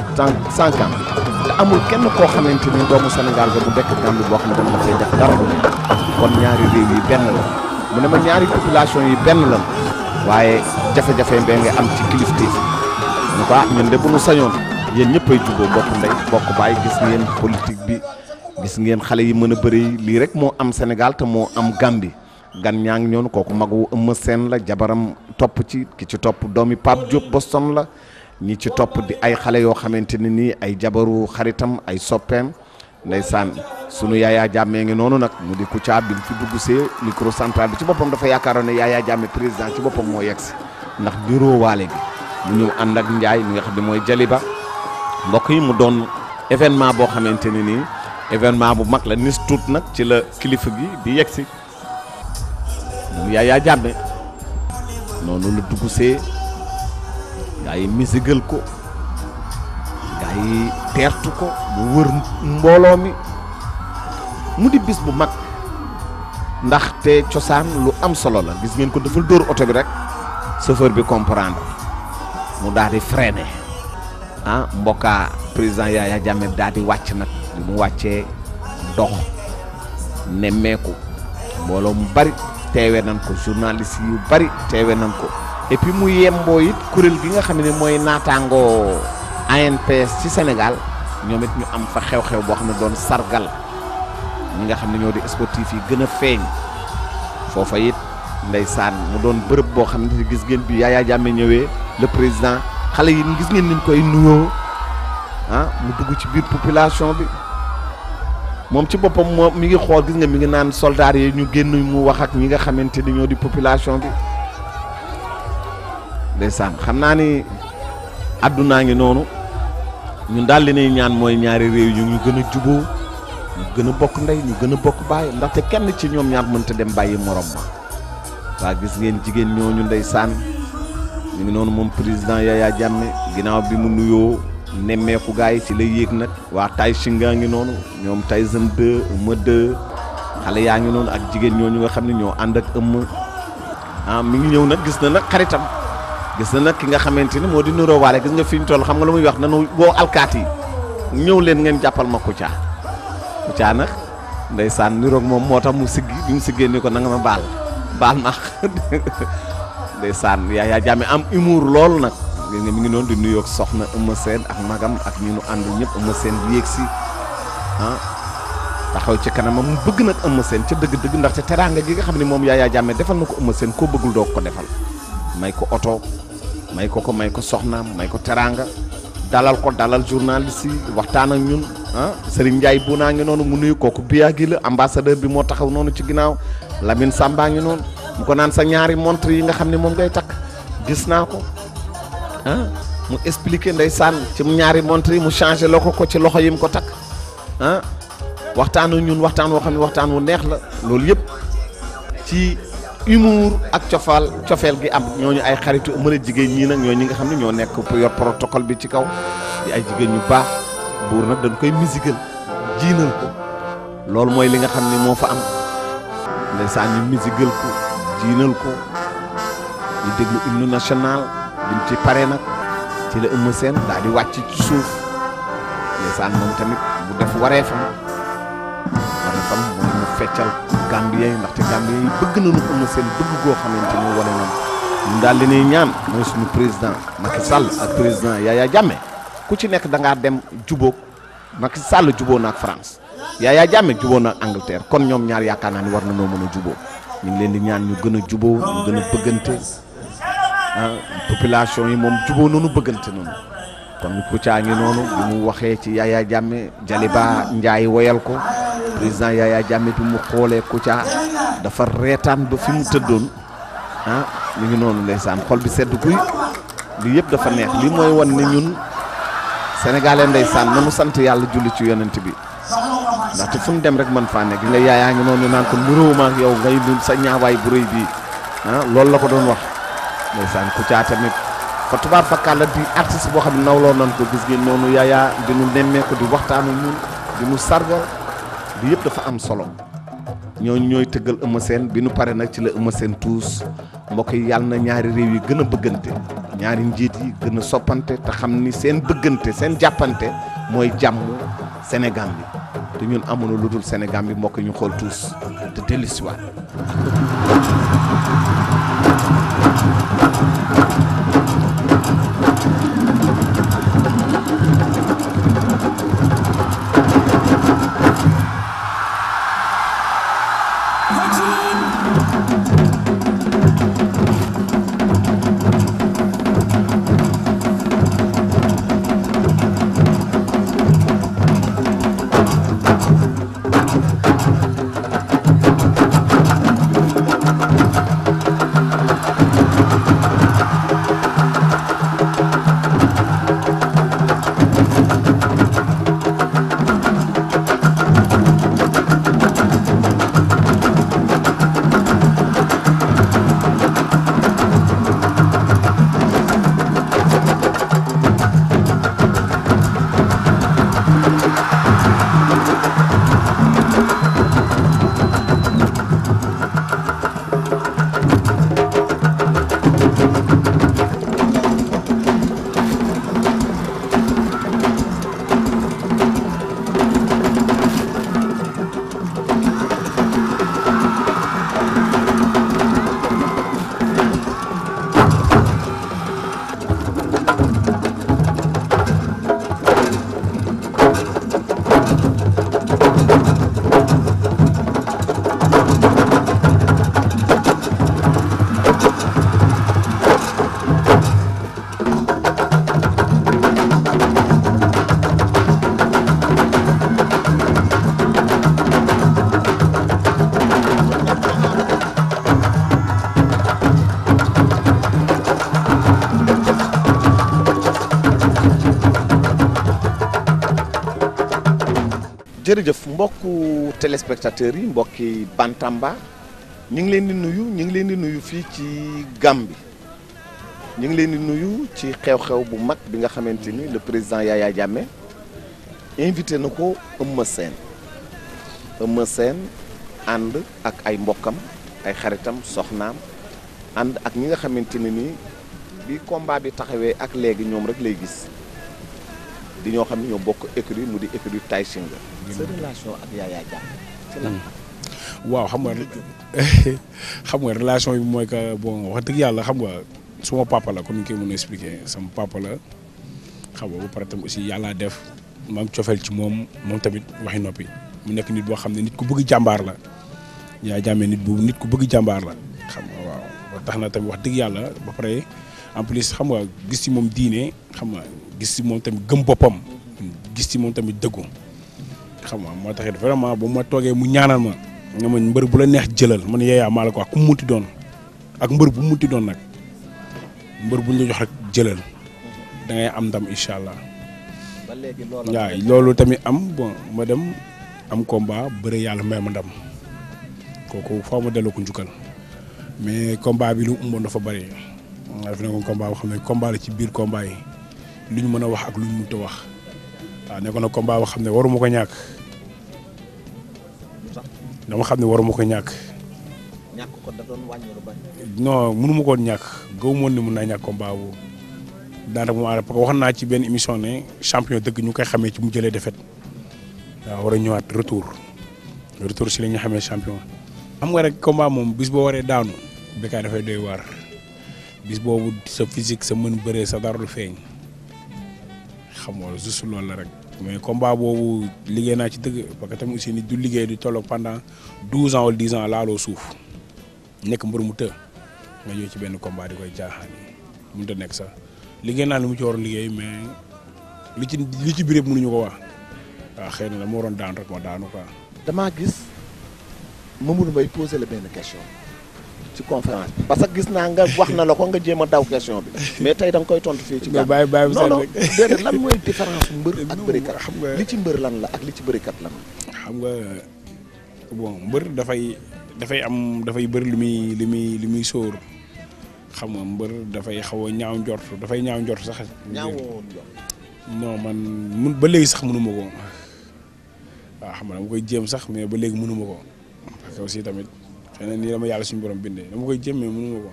sans te amul kenn koo xamante ni doomu Sénégal gi bu dekk Gambie boo xam ne ma koy def dara kon ñaari réew yi benn la mu ne ma ñaari population yi benn la waaye jafe-jafe bee ngi am ci kilifteef en tout cas ñun de bu ñu sañoon yéen ñëpp ay jubboo bokk ndey bokk bàyyi gis ngeen politique bi. gis ngeen xale yi mën a bëri lii rek moo am Sénégal te moo am Gambie gan ñaa ngi ñoon kooku magu Eumeu seen la jabaram topp ci ki ci topp doomi Pape Diop Boston la ñii ci topp di ay xale yoo xamante ne nii ay jabaru xaritam ay soppeem ndeysaan sunu yaayaa jàmmee ngi noonu nag mu di Kouthia bi fi dugg see micro central bi ci boppam dafa yaakaaroon ne yaayaa jàmme président ci boppam moo yegg si ndax niroo waale bi mu ñëw ànd ak Ndiaye mi nga xam ne mooy Jaliba mbokk yi mu doon événement boo xamante ne nii. événement bu mag la nis nag ci la kilifa gi di yegg si moom Yaya Jammeh noonu la dugg see gaa misigal ko gaa yi teertu ko mu wër mbooloo mi mu di bis bu mag ndaxte cosaan lu am solo la gis ngeen ko dafa dóor oto bi rek chauffeur bi comprendre mu daal di freene a ah, mbokkaa président Yaya Jammeh daal di wàcc nag bi mu wàccee dox nemmeeku mbooloo mu bari teewee nañ ko journaliste yu bari teewee nañ ko et puis mu yemboo it kuréel gi nga xam ne mooy naataangoo ANPS ci senegal ñoom ñu am fa xew boo xam ne doon sargal ñi nga xam ne ñoo di sportif yi gën a feeñ foofa it saan mu doon bërëb boo xam ne gis ngeen bi Yaya Jammeh ñëwee le président xale yi gis ngeen niñ koy nuyoo ah mu dugg ci biir bi moom ci boppam mi ngi xool gis nga mi ngi naan soldaar yi ñu génn mu wax ak ñi nga xamante ni ñoo di population bi ndeysaan xam naa ni àddunaa ngi noonu ñun daal li ñuy ñaan mooy ñaari réew yi ñu gën a juboo ñu gën a bokk ndey ñu gën a bokk baay ndaxte kenn ci ñoom ñaar mënta dem bàyyi morom ma waa gis ngeen jigéen ñooñu ndeysaan ñu ngi noonu moom président Yaya Jammeh ginnaaw bi mu nuyoo nemmeeku gars yi ci lay yéeg nag waa tay gaa ngi noonu ñoom Tyson 2 Eumeu 2 xale yaa ngi noonu ak jigéen ñooñu nga xam ne ñoo ànd ak Eumeu ah, mi ngi ñëw nag gis na nag xaritam gis na nag ki nga xamante ni moo di nuroo waale gis nga fi ñu toll xam nga lu muy wax nanu boo alkaat yi ñëw leen ngeen jàppal ma Kouthia Kouthia nag ndeysaan niroog moom moo tax mu siggi bi mu siggee ni ko na nga ma baal baal ma ndeysaan yaa yaa jaame am humour lool nag gis mi ngi noonu di nuyoog soxna Eumeu Sène ak magam ak ñi nu ànd ñëpp Eumeu Sène di yéeg si ah taxaw ci kanamam mu bëgg nag Eumeu Sène ca dëgg-dëgg ndaxte teraanga gi nga xam ne moom Yaya Jammeh defal na ko Eumeu Sène koo bëggul doo ko defal may ko oto may ko ko may ko soxnaam may ko teraanga dalal ko dalal journaliste yi waxtaan ak ñun ah Serigne Ndiaye bu naa ngi noonu mu nuyu kooku biyaa gi la ambassadeur bi moo taxaw noonu ci ginnaaw Lamine Samba ngi noonu mu ko naan sa ñaari montre yi xam ne moom ngay takk gis naa ko ah mu expliqué ndeysaan ci ñaari montre yi mu changé loo ko ko ci loxo yi mu ko takk ah waxtaanu ñun waxtaan woo xam ne waxtaan wu neex la loolu yëpp ci humour ak cofaal cofeel gi am ñooñu ay xaritu mën a jigéen ñii nag ñoo ñi nga xam ne ñoo nekk yor protocole bi ci kaw di ay jigéen ñu baax buur nag dañ koy musical jiinal ko loolu mooy li nga xam ne moo fa am ndeysaan ñu musical ko jiinal ko ñu déglu hymne national biñ ci paree nag ci la ëmm seen di wàcc ci suuf ndeysaan moom tamit bu def wareefam wareefam mooy mu feccal Gambien yi ndaxte Gambien yi bëgg nañu ëmm bëgg goo xamante ni wane nañu ñun daal li ñuy ñaan mooy suñu président Macky Sall ak président Yaya jame ku ci nekk da dem jubóog Macky Sall jubóo na ak France Yaya Jammeh jubóo na ak Angleterre kon ñoom ñaar yaakaar naa ni war nañoo mën a jubóo ñu leen di ñaan ñu gën a jubóo ñu gën a bëggante. Ah, population yi moom juboo noonu bëggante noonu kon Kouthia ngi noonu mu waxee ci Yaya Jammeh Jaliba Ndiaye woyal ko président Yaya Jammeh bi mu xoolee Kouthia dafa reetaan ba fi mu tëddoon ah mi ngi noonu ndeysaan xol bi sedd guy lii yëpp dafa neex lii mooy wan ni ñun sénégalais ndeysaan nanu sant yàlla julli ci yonent bi ndaxte fu ñu dem rek man faa nekk nga yaayaa ngi noonu naan ko nuróo ma ak yow ngay sa ñaawaay bu rëy bii ah loolu la ko doon wax ndeysaan Kouthia tamit fa tubaab fakkaat la di artiste boo xam ne nawloo nan ko gis ngeen noonu yaayaa di nu nemmeeku di waxtaanu ñun di nu sargal li yëpp dafa am solo ñooñu ñooy tëggal Eumeu bi nu pare nag ci la Eumeu Sène tuus mbokk yi yàlla na ñaari réew yi gën a bëggante ñaari njiit yi gën soppante te xam ni seen bëggante seen jàppante mooy jàmm Sénégal bi te ñun amuñu lu dul Sénégal bi mbokk ñu xool tuus te dellusiwaat jërëjëf mbokk téléspectateurs yi mbokki Bantamba ñu ngi leen di nuyu ñu ngi leen di nuyu fii ci Gàmbi ñu ngi leen di nuyu ci xew-xew bu mag bi nga xamante ni le président Yaya Jammeh invité na ko Eumeu Sène Eumeu Sène ànd ak ay mbokkam ay xaritam soxnaam ànd ak ñi nga xamante ne ni bi combat bi taxawee ak léegi ñoom rek lay gis di ñoo xam ne ñoo bokk écurie mu di écurie Tay Shinger mm. sa ak Yaya mm. waaw xam nga xam nga relation yi mooy que bon wax dëgg yàlla xam nga suma papa kon comme ni koy mën a expliquer sama papa la xam nga ba pare tam aussi yàlla def ma am cofeel ci moom moom tamit waxi noppi mu nekk nit boo xam ne nit ku bëgg jàmbaar la Yaya Jammeh nit bu nit ku bëgg jàmbaar la xam nga waaw tax na tamit wax dëgg yàlla ba pare en plus xam nga gis ci moom diine xam nga gis ci moom tamit gëm boppam gis ci moom tamit dëggu xam nga moo taxit vraiment ba ma toogee mu ñaanal ma nga ma mbër bu la neex jëlal man yeeyaa maa la ko wax doon ak mbër bu mu doon nag mbër bu jox jëlal da am ndam incha allah. ba léegi loolu waaw loolu tamit am bon ma dem am combat bari yàlla may ma ndam kooku faaw ma delloo ko njukkal mais combat bi lu umboon dafa bëri. dafa nekkoon combat boo xam ne combat la ci biir combat yi lu ñu mën a wax ak lu ñu mënut a wax waaw na combat boo xam ne waruma ko ñàkk dama xam ne waruma ko ñàkk. ko da doon koon ñàkk gaw moon ne mun naa ñàkk combat boobu mu ànd parce que naa ci benn émission ne champion dëgg ñu koy xamee ci mu jëlee défaite waaw war a ñëwaat retour retour si la ñu xamee champion. xam nga rek combat moom bis boo waree daanu béykat dafay doy waar. bis boobu sa physique sa mën bëree sa dara du feeñ xam nga juste loolu la rek mais combat boobu liggéey naa ci dëgg parce que tamit aussi du liggéey di tolloog pendant douze ans wala dix laaloo suuf nekk mbër mu të nga ñëw ci benn combat di koy jaaxaan yi mënut a nekk sax liggéey naa li mu ci waroon liggéey mais li ci li ci biir mënuñu ko wax waaw ah, xëy na dama waroon daan rek ma damaa gis Mamadou Mbaye posé la benn question. ci conférence bi parce que gis naa nga wax na la ko nga jéem a daw question bi mais tey da koy tontu fii ci gàllankoor bàyyi non non déedéet lan mooy différence mbër ak bërikat li ci bëri lan la ak li ci bërikat lan la. xam nga bon mbër dafay dafay am dafay bëri lu muy lu muy lu muy sóor xam nga mbër dafay xaw a ñaaw njort dafay ñaaw njort sax. ñaawoo njort. non man mun ba léegi sax mënu ma ko waaw xam nga dama koy jéem sax mais ba léegi mënu ma ko parce aussi tamit. xëy na nii dama yàlla suñu borom bindee dama koy jëm mais mënu ma ko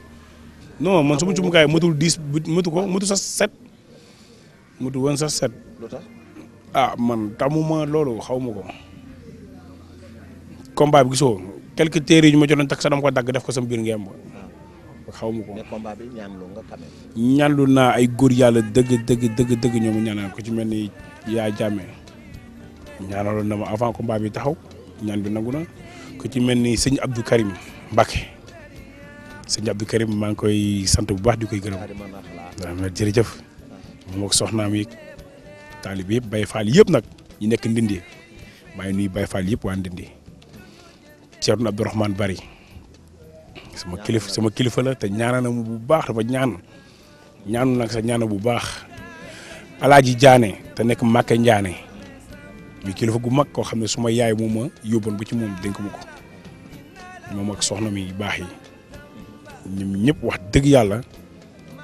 non man sama jumtukaay matul dix matu ko matu sa set matu woon sax set. lu tax ah, man tamuma loolu xaw ma ko. combat bi gisoo quelques téere yi ma jotoon takk sax dama ko dagg def ko sama biir ngemb. xaw ma ko mais combat bi ñaanlu naa ay góor yàlla dëgg dëgg dëgg dëgg ñoom ñaanal ko ci mel ni yaa jàmmee ñaanaloon na ma avant combat bi taxaw ñaan bi nangu na. ku ci mel ni sëñ Abdou Karim Mbacke sëñ Abdou Karim maa ngi koy sant bu baax di koy gërëm waaw jërëjëf moom ak soxnaam yi taalib yëpp Baye Fall yëpp nag ñu nekk Ndindi maa ngi nuyu Baye Fall yëpp waa Ndindi Thierno Abdourahmane Bari sama kilifa sama kilifa la te ñaana na bu baax dafa ñaan ñaanu nag sa ñaana bu baax Alaaji Jaane te nekk Màkke Njaane muy gu mag koo xam ne suma yaay moom ma yóbboon ba ci moom dénk ma ko moom ak soxna mi baax yi ñoom ñëpp wax dëgg yàlla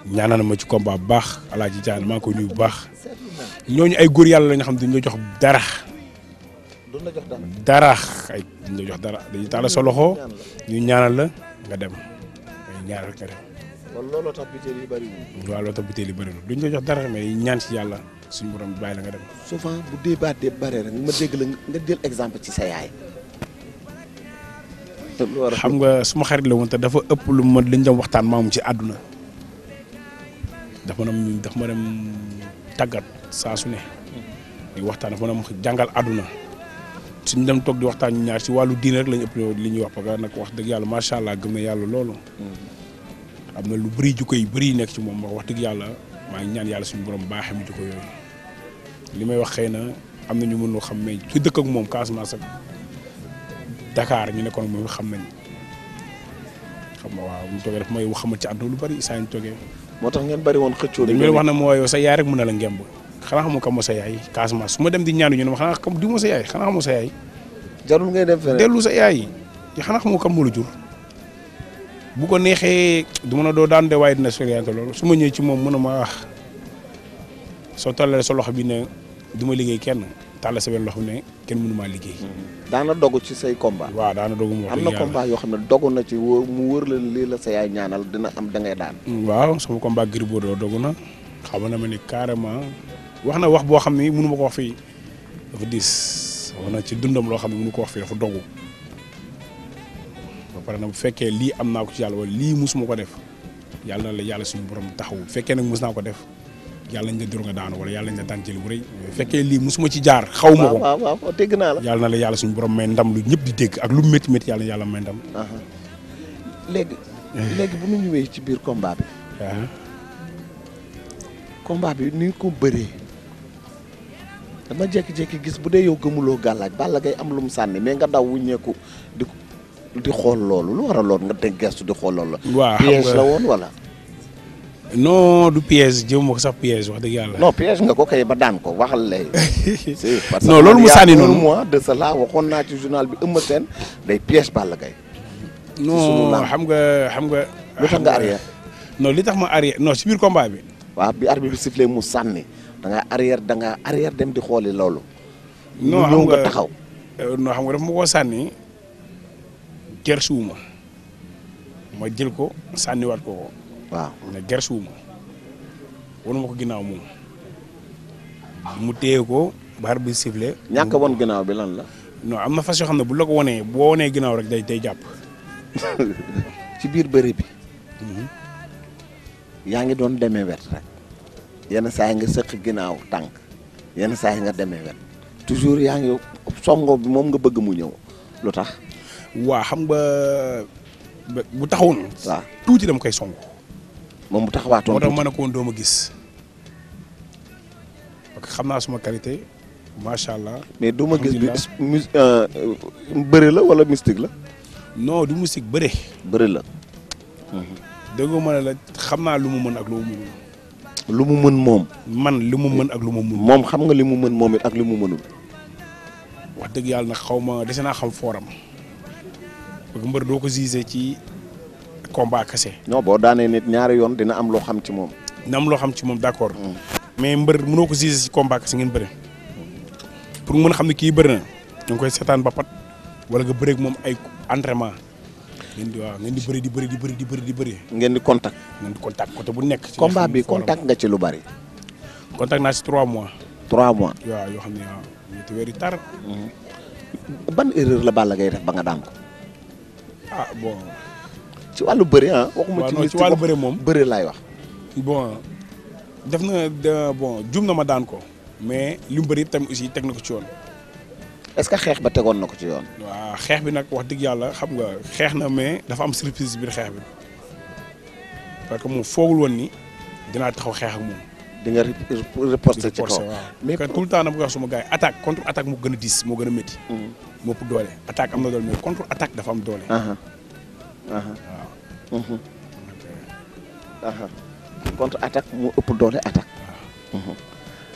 ñaanal ma ci combat bu baax alaaji jaan maa ngi koy nuyu bu baax ñooñu ay góor yàlla la nga xam ne dañu jox darax dara ay dañu jox dara dañuy taal sa loxo ñu ñaanal la nga dem ay ñaanal nga dem. looloo tax yi ñaan ci yàlla. suñu borom bàyyi la nga dem. souvent bu débat de bare rek ma dégg la nga jël exemple ci sa yaay. xam nga suma xarit la woon te dafa ëpp lu ma liñ doon waxtaan maamu ci àdduna. dafa nam dafa ma dem tàggat saa su ne. di waxtaan dafa nam jàngal àdduna. suñ dem toog di waxtaan ñu ñaar ci wàllu diine rek lañ ëpp li ñuy wax parce que nag wax dëgg yàlla macha allah gëm yàlla loolu. Hmm. na lu bëri jukko yu nekk ci moom wax dëgg yàlla maa ngi ñaan yàlla suñu borom baaxee mu jukko yooyu. li may wax xëy na am na ñu mënul xam mais ki dëkk ak moom Casamance ak Dakar ñu nekkoon moom xam nañ xam nga waaw mu ñu toogee daf wax xamal ci àdduna lu bari saa ñu moo tax ngeen bari woon xëccoo. dañu leen wax ne moo sa yaay rek mën na la ngemb xanaa xamu kam moo sa yaay su ma dem di ñaanu ñu ne ma xanaa kam di moo sa yaay xanaa xamu sa yaay. jarul ngay dem feneen sa yaay yi xanaa xamu kam moo la jur. bu neexee du ma a doo daan de waaye dina soriante loolu su ma ñëwee ci moom mën a ma wax ah, soo tàllalee sa loxo bi ne du ma liggéey kenn tàllal sa loxo loxo ne kenn mënu maa liggéey. daana dogu ci say combat. waaw daana dogu mu wax yoo xam ne dogu na ci mu wër la lii la sa yaay ñaanal dina am da daan. Mm, waaw sama combat Gris Bordeaux dogu na xam na ma ni carrément wax na wax boo xam ne mënu ma ko wax fii dafa diis wax na ci dundam loo xam ne mënu ko wax fii dafa dogu ba pare na bu fekkee lii am naa ko ci yàlla wala lii musuma ko def yàlla na la yàlla suñu borom taxawu bu fekkee nag mus naa ko def. yàlla nga dur nga daanu wala yàlla nga daan jël bu rëy fekkee lii musuma ci jaar xaw ma ko waaw waaw dégg naa la yàlla na la yàlla suñu borom may ndam lu ñëpp di dégg ak lu métti métti yàlla yàlla may ndam léegi eh. léegi bu ñu ñëwee ci biir combat bi combat bi ni ko bëree dama jékki-jékki gis bu dee yow gëmuloo gàllaaj Balla Gaye am lu mu sànni mais nga daw wu di di xool loolu lu war a loolu nga teg gestu di xool loolu la piège la woon wala non du piège jéem ma ko sax piège wax dëgg yàlla. non piège nga ko kay ba daan ko waxal lay. si que loolu mu sànni noonu mois de cela waxoon naa ci journal bi Eumeu Sène day piège Balla Gaye. non xam nga xam nga. lu tax nga li tax ma arrière non si biir combat bi. waaw bi arbitre bi sifflé mu sànni da nga arrière da nga arrière dem di xooli loolu. non xam nga taxaw. Euh, non xam nga dafa ma koo sànni. suuma ma jël ko sànniwaat ko ko. waaw ne gersu wu ma wanu ma ko ginnaaw moom mu téye ko bu bi sifflé. ko won ginnaaw bi lan la. non am na fas yoo xam ne bu la ko wanee boo wonee ginnaaw rek day day jàpp. ci biir bëri bi. Mhm. yaa ngi doon demee wet rek. yenn saa nga sëq ginnaaw tànk yenn saa yi nga demee wet toujours yaa ngi songo bi moom nga bëgg mu ñëw lu tax. waa xam nga bu taxawoon. waaw tuuti dama koy songo. moom mu taxawaatoon. moo tax ma ne ko woon doo gis parce xam naa suma qualité macha allah. mais doo ma gis bi mus euh, euh, bëre la wala mystique la. non du mystique bëre. bëre la. Mhm. dégg nga ma ne la xam naa lu mu mën ak lu mu mënul. lu mu mën moom. man li mu mën ak lu mu mënul. moom xam nga li mu mën moom it ak li mu mënul. wax dëgg yàlla na xaw ma dese naa xam fooram. parce que mbër doo ko gisee ci combat kese. non boo daanee nit ñaari yoon dina am loo xam ci moom. dina am loo xam ci moom d' accord. Mm. mais mbër mënoo ko gisee si combat kese ngeen bëri. pour mën a xam ne kii bëri na da koy seetaan ba pat wala nga bëreeg moom ay entraînement. ngeen di waaw ngeen di bëri di bëri di bëri di bëri di bëri. ngeen di contact. ngeen di contact côté bu nekk. ci combat bi contact nga ci lu bari. contact naa si trois mois. trois mois waaw yoo xam ne waaw ñetti weer yu ban erreur la Balla Gaye def ba nga daan ko. Ah, ci wàllu bëri ah. waxuma ci mystique ci wàllu bëri moom bëri laay wax. bon def na bon jum na ma daan ko mais lu mu bëri tam aussi teg na ko ci yoon. est-ce que xeex ba tegoon na ko ci yoon. waaw xeex bi nag wax dëgg yàlla xam nga xeex na mais dafa am surprise biir xeex bi parce que moom foogul woon ni dinaa taxaw xeex moom. di nga riposte ci kaw mais tout le temps dama koy wax suma gaa yi attaque contre attaque moo gën a diis moo gën a métti. Mm-hmm. moo ëpp doole attaque am na doole mais contre attaque dafa am doole. Uh-huh. Uh-huh. waaw contre attaque moo ëpp doole attaque.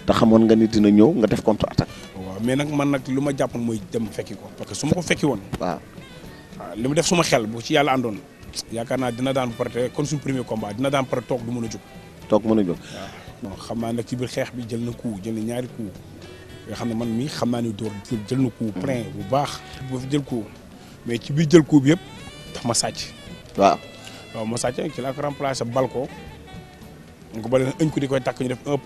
te xamoon nga ni dina ñëw nga def contre attaque. waaw mais nag man nag lu ma jàppoon mooy dem fekki ko parce que su ma ko fekki woon. waaw waaw ah, li mu def suma xel bu ci yàlla àndoon. yaakaar naa dina daan pare kon suñu premier combat dina daan pare toog du mën a jóg. toog mën a jóg waaw. xam naa nag ci biir xeex bi jël na coup jël ñaari coup nga xam ne man mii xam naa ni door jël na coup prin bu baax. bu jël coup mais ci biir jël coup bi yëpp daf ma sàcc. waaw. waaw ma sàcc ci la ko remplacé bal ko ñu ko balee ëñ ko takk ñu def un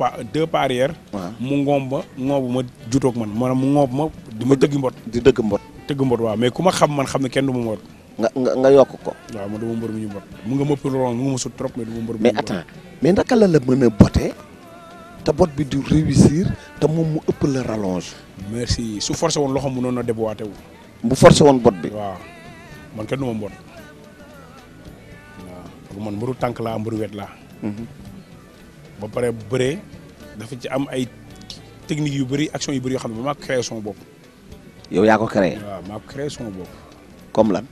mu ngoom ba ngoobu ma jutoog man maanaam mu ngoob ma di ma dëgg mbot di dëgg mbot dëgg mbot waaw mais ku ma xam man xam ne kenn du ma mbot nga nga yokk ko waaw ma du ma mbër mu mu nga mëpp lool mu nga ma sut trop mais du ma mbër mais attends mais naka la la mën a bote te bot bi du réussir te moom mu ëpp la rallonge merci su forcé woon loxo mënoon a déboîté wu bu forcé woon bot bi waaw man kenn du ma man mburu tànk laa mburu wet laa ba pare bëree dafa ci am ay technique yu bëri action yu bëri yoo xam ne ba maa créé sama bopp yow yaa ko créé waaw maa ko créé sama bopp comme lan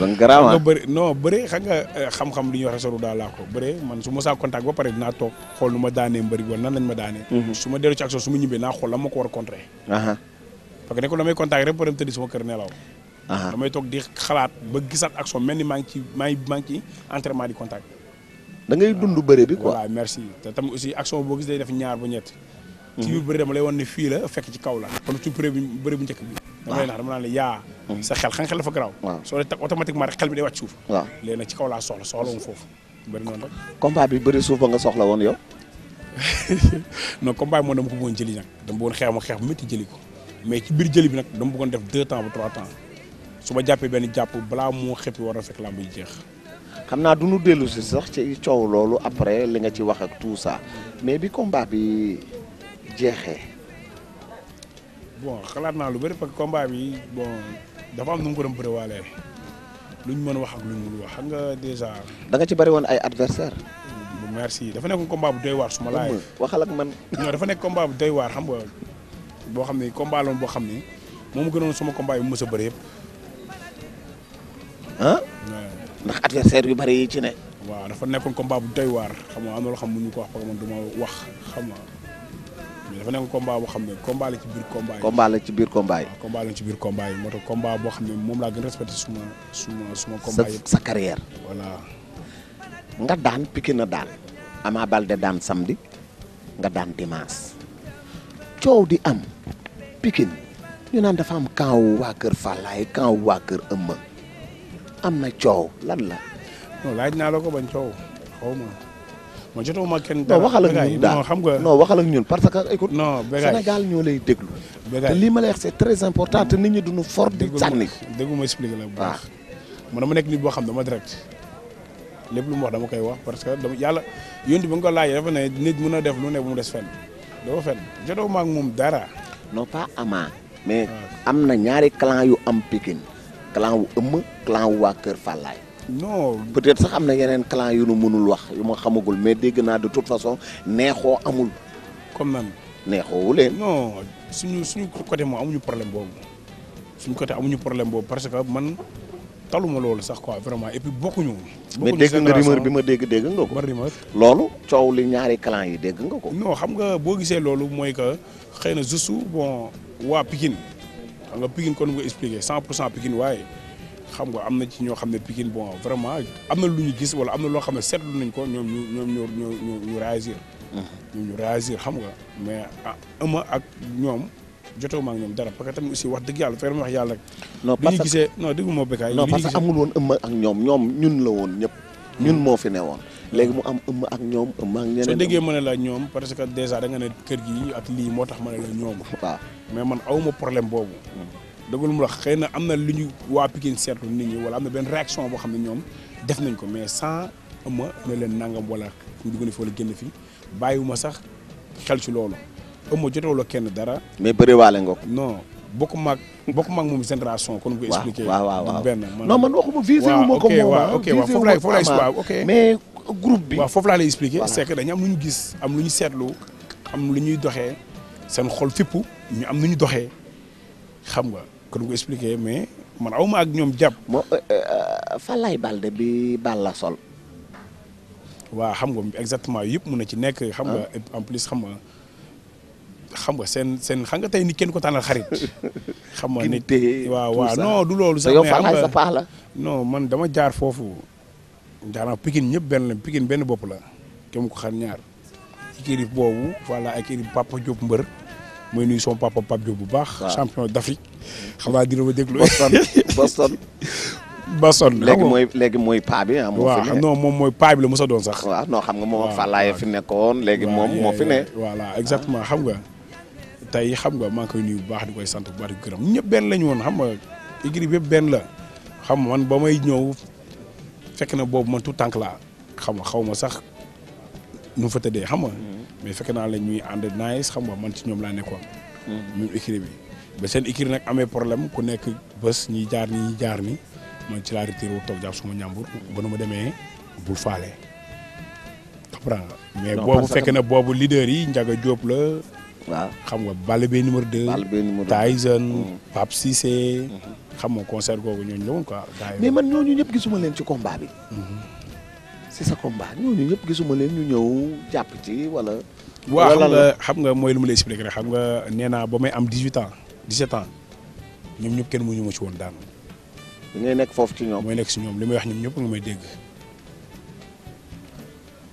lan garaaw nga bëri non bëri xam nga ah. eh, xam-xam li ñuy wax resoru ko bëri man su ma saa contact ba pare dinaa toog xool nu ma daanee mbëri wala na lañ ma daanee mhm. su ma dellu ci action su ma ñibbee naa xool la ma ko war a contrer parce que ne ko damay contact rek ba dem tëddi sama kër nelaw damay toog di xalaat ba gisaat action mel ni maa ngi ci maa ngi maa ngi ci entraînement di contact. da ngay dund bëre bi quoi voilà merci te tam aussi action boo gis day def ñaar ba ñett. ci biir mhm. bëri fii la fekk ci kaw la comme ci bëri bu bëri bu njëkk bi dama lay nax mhm. sa xel xam xel dafa garaaw soo dee tag automatiquement rek xel bi day wàcc suuf waaw léegi nag ci kaw laa soxla soxla woon foofu bëri noonu rek combat bi bëri suuf ba nga woon yow non combat bi moom dama ko bëggoon jëli nag mais ci biir jëli bi nag dama bëggoon def deux temps ba trois temps su ma jàppee benn jàpp balaa moo xëppi war na fekk lamb yi jeex. xam naa du ñu dellu si sax ci coow loolu après li nga ci wax ak tout ça mais bi combat bi jeexee. bon xalaat naa lu bëri parce que combat bon dafa am nu mu ko doon bëriwaalee luñ mën wax ak luñ mën wax xam nga déjà. da nga ci bëri woon ay adversaire merci dafa nekk combat bu doy waar suma ma laajee. waxal ak man. dafa nekk combat bu doy waar xam nga boo xam ne combat boo xam ni moom gënoon sama combat yi mu mës a bëri yëpp. ah. ndax adversaire yu bari yi ci ne. waaw dafa nekkoon combat bu tey waar xam nga am na loo xam mënuñu ko wax parce que man wax xam nga mais dafa nekkoon combat boo xam ne combat la ci biir combat yi. ci biir combat yi. ci biir combat yi moo boo xam ne moom laa gën a respecté suma suma sa carrière. voilà. nga daan Pikine na daan. Ama Baldé daan samedi nga daan dimanche coow di am Pikine ñu naan dafa am camp waa kër Fallaye camp wu waa kër Eumeu am na coow lan la. non laaj naa la ko bañ coow xaw ma ma jotoo ma kenn. dara waxal ak ñun daal xam nga non waxal ak ñun parce que écoute. non Sénégal ñoo lay déglu. te lii ma lay wax c'est très important te nit ñi duñu fort di sànni. déggu ma bu ah. baax man dama nekk nit boo xam dama direct lépp lu mu wax dama koy wax parce que dama yàlla yónni ba nga ko laajee dafa ne nit mën a def lu ne bu mu des ak moom dara. non pas ama mais ah. am na ñaari clan yu am Pikine clan wu ëmm clan wu waa Kër Fallaay. non peut-être sax am na yeneen clan yu nu mënul wax yu ma xamagul mais dégg naa de toute façon neexoo amul. comme man neexoowu leen. non suñu suñu côté moom amuñu problème boobu suñu côté amuñu problème boobu parce que man taluma loolu sax quoi vraiment et puis bokkuñu. mais dégg nga rumeur bi ma dégg dégg nga ko. rumeur loolu coow li ñaari clan yi dégg nga ko. non xam nga boo gisee loolu mooy que xëy na juste bon waa Pikine. xam nga Pikine kon mu ko expliqué 100 pour cent Pikine waaye xam nga am na ci ñoo xam ne Pikine bon vraiment am na lu ñu gis wala am na loo xam ne seetlu nañ ko ñoom ñu ñoom ñu ñu ñu réagir. Mm-hmm. ñoom ñu réagir xam nga mais ah ëmma ak ñoom. jotoo maa ñoom dara parce aussi wax dëgg yàlla fexe wax yàlla rek. non parce que li ñu gisee non parce que amul woon ëmb ak ñoom ñoom ñun la woon ñëpp. ñun mm-hmm. moo fi ne woon. léegi mu am ëmm ak ñoom soo déggee ma ne la ñoom parce que déjà da nga ne kër gi ak lii moo tax ma ne la ñoom. waaw mais man awma problème boobu. dëggul mu la xëy na am na lu ñu waa Pikine seetlu nit ñi wala am na benn réaction boo xam ne ñoom def nañ ko mais sans ëmm ne leen nangam wala ñu dugg na fi wala génn fi ma sax xel ci loolu ëmm jotewuloo kenn dara. mais bëriwaale nga ko. non bokk maag bokk maag moom génération kon ko expliqué. waaw waaw waaw benn non man waxuma visé ko. moom ah, groupe bi waaw foofu laa lay expliquer c'est que dañu am lu ñu gis am lu ñu seetlu am lu ñuy doxee seen xol fippu ñu am lu ñu doxee xam nga kon ko expliquer mais man awma ak ñoom jàpp moo euh, euh, Falaye Balde bi la sol waa xam nga exactement yëpp mun na ci nekk xam nga ah. plus xam nga xam nga seen seen xam nga tey ni kenn ko tànnal xarit. xam nga nit waaw waaw non du loolu. sax mais xam la. non man dama jaar foofu. daanaka Pikine ñëpp benn la Pikine benn bopp la kenn ko xar ñaar écurie boobu voilà écurie Papa Diop mbër mooy nuyu son papa Pape bu baax. champion d'Afrique xam naa dina ma déglu. Boston Boston. Boston léegi mooy léegi bi ah. moo fi moom mooy paa bi la mos a doon sax. waaw non xam nga moom fi nekkoon léegi moom moo fi ne. exactement xam nga. tey xam nga maa koy nuyu bu baax di koy sant bu baax di ko gërëm ñëpp benn lañu woon xam nga écurie bi benn la xam man ba may ñëw. fekk na boobu man tout tànk laa xam nga xaw ma sax nu fa tëddee xam nga. Mm-hmm. mais fekk naa la ñuy ànd nice xam nga man si ñoom laa nekkoon. même mm-hmm. écurie bi ba seen écurie nag amee problème ku nekk bés ñi jaar ni ñi jaar ni man ci laa retiré wu suma ñàmbur. ba nu ma demee bul faale. comprends nga mais boobu fekk na boobu leader yi Ndiaga Diop la. xam nga Balla Beye numéro 2. Balla Beye numéro 2 Tyson. Mm-hmm. Pape Cissé. xam nga concert googu ñooñu ñëwoon quoi. mais man ñooñu ñëpp gisuma leen ci combat bi. si sa combat ñooñu ñëpp gisuma leen ñu ñëw jàpp ci wala. waaw xam nga mooy lu ma lay expliqué rek xam nga nee naa ba may am 18 ans 17 ans ñoom ñëpp kenn mu ñu ci woon daan. li ngay nekk foofu ci ñoom. mooy nekk si ñoom li may wax ñoom ñëpp nga may dégg.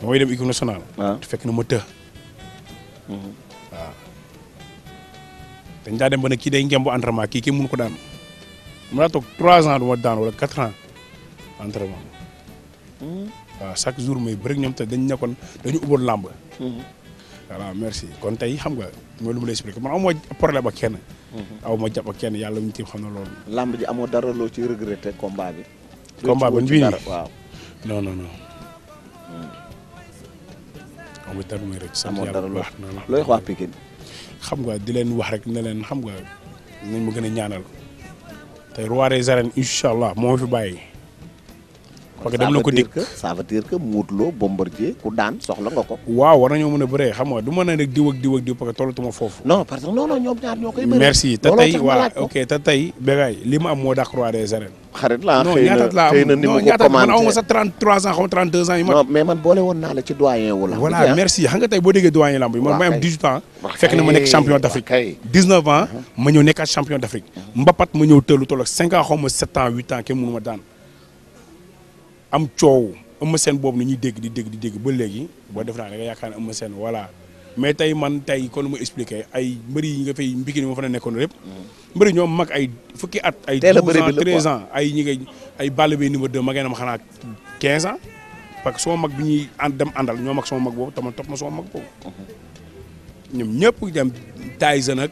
mooy dem équipe nationale. Ah. fekk na ma të. te mhm. dañ dem ba ne kii day ngemb entraînement kii kii mun ko daan. mën naa toog trois ans du ma daan wala quatre ans entraînement hmm. waaw chaque jour may bëri ñoom ta dañ nekkoon dañu ubboon làmb hmm. voilà merci kon tey xam nga mooy lu mu lay expliqué man amoo problème ak hmm. aw ma jàpp ak yàlla ñu tiim xam na loolu làmb ji amoo dara loo ci regretté combat bi combat bi bii nii waaw non non non amoo rek sant yàlla bu baax looy wax Pikine xam nga di leen wax rek ne leen xam nga nañ ma gën a ñaanal te roi des arènes incha allah moo fi bàyyi. parce que dem na ko dikk ça veut dire que Modou Lo Bombardier ku daan soxla nga ko. waaw war nañoo mën a bëree xam ma du ma a nag diw ak diw ak diw parce que tollatuma foofu. non parce que non non ñoom ñaar ñoo koy bëree. merci te tey voilà ok li ma am moo dàq roi des arènes. xarit laa xëy na xëy na ni ma ko commandé ans xaw ma 32 ans yi ma. mais man boole woon naa la ci doyen wu la. merci xam boo déggee doyen lamb ma am 18 ans. fekk na ma nekk uh-huh. ñëw nekkaat champion d' Afrique. Uh-huh. ma ñëw tëllu toll ak ans xaw ma ans 8 ans kenn mënu daan am coow am seen boobu na ñuy dégg di dégg di dégg ba léegi boo def naa da nga yaakaar ne am seen voilà. mais tey man tey kon mu expliqué ay mbëri yi nga fay mbiki ni moo fa nekkoon lépp. mbëri ñoom mag ay fukki at. ay 12 ans 13 ay ñi ngay ay bàll bi numéro 2 ma xanaa quinze ans. parce que sama mag bi ñuy ànd dem àndal ñoom ak sama mag boobu tam topp ma sama mag ñëpp dem Tyson ak.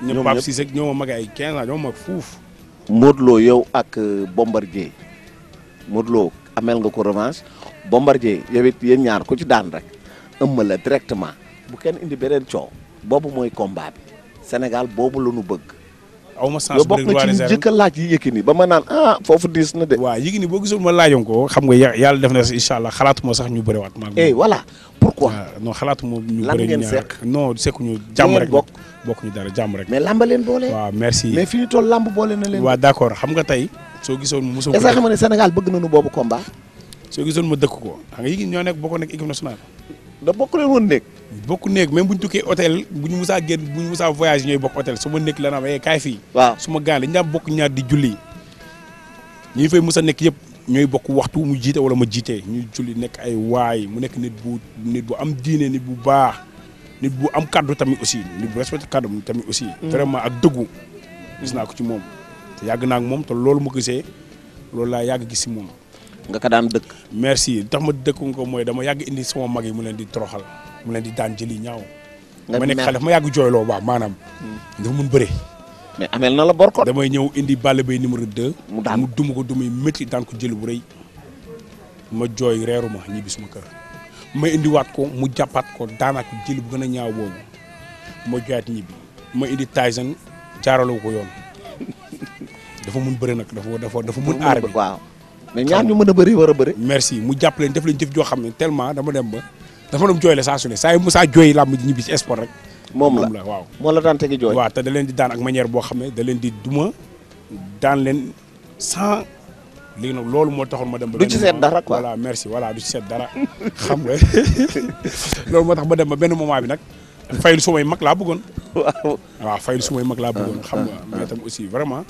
ñoom ñëpp Pape mag ay 15 ans ñoom mag fuuf. Modou Lo yow ak euh, Bombardier Modou Lo amel nga ko revanche Bombardier yow it yéen ñaar ko ci daan rek. ëmm la directement bu kenn indi beneen coow boobu mooy combat bi boobu la ñu bëgg. aw ma sens bokk na ci li njëkk laaj yi Yékini ba ma naan ah foofu diis na de. waaw Yékini boo gisul ma laajoon ko xam nga yàlla def na si incha allah xalaatuma sax ñu bëriwaat. eh voilà pourquoi. Ah, non xalaatuma ñu bëri ñu ñaar non sekkuñu jàmm rek bokk bokkuñu dara jàmm rek. mais làmb leen boole. waaw merci mais fii ñu toll boole na leen. waaw d' accord xam nga tey. soo gisoon mosoo ko. est ce que xam nga ne boobu combat. soo gisoon ma dëkk ko xam nga ñoo nekk boo ko nekk équipe nationale da bokk leen woon néeg bokk néeg même bu ñu tukkee hôtel bu ñu musaa génn bu ñu musaa voyage ñooy bokk hôtel sama néeg la naa ma eh, kaay fii waaw suma gaan dañu daan bokk ñaar di julli ñuy fay musa nekk yëpp ñooy bokk waxtu mu jiite wala ma jiitee ñu julli nekk ay waay mu nekk nit bu nit bu am diine nit bu baax nit bu am kàddu tamit aussi nit bu respecté kaddu tamit aussi mm. vraiment ak dëggu gis naa ko ci moom te yàgg naa ak moom te loolu ma gisee loolu laa yàgg gis si moom nga ko daan dëkk. merci tax ma dëkkuñ ko mooy dama yàgg indi sama mag yi mu leen di toroxal mu leen di daan jëli ñaaw. nga ma nekk xale ma yàgg jooyloo waaw maanaam. Hmm. dafa mun bëre. mais amel na la bor ko. damay ñëw indi Balla Gaye numéro 2. mu daan mu dum ko dumuy métti daan ko jëli bu rëy. ma jooy reeru ma ñibbi suma kër. ma indiwaat ko mu jàppaat ko daanaat ko jëli bu gën a ñaaw boobu ma jooyaat ñibbi ma indi Tyson jaaraloo ko yoon dafa mun bëre nag dafa dafa dafa mun aar bi mais ñaar ñu mën a bari war a bëri merci mu jàpp leen def leen jëf joo xam ne tellement dama dem ba dafa doon jooy la saa su ne saa yu saa jooy làmb ji ñibbi ci sport rek moom la waaw moo la daan tegi jooy waaw te da leen di daan ak manière boo xam ne da leen leen sans léegi nag loolu moo taxoon ma dem ba. du ci seet dara quoi voilà merci du ci seet dara xam nga loolu moo tax ma dem ba benn moment bi nag fayul sumay mag laa bëggoon. waaw waaw fayul sumay mag laa bëggoon. Ah, xam ah, nga mais ah. tam aussi vraiment.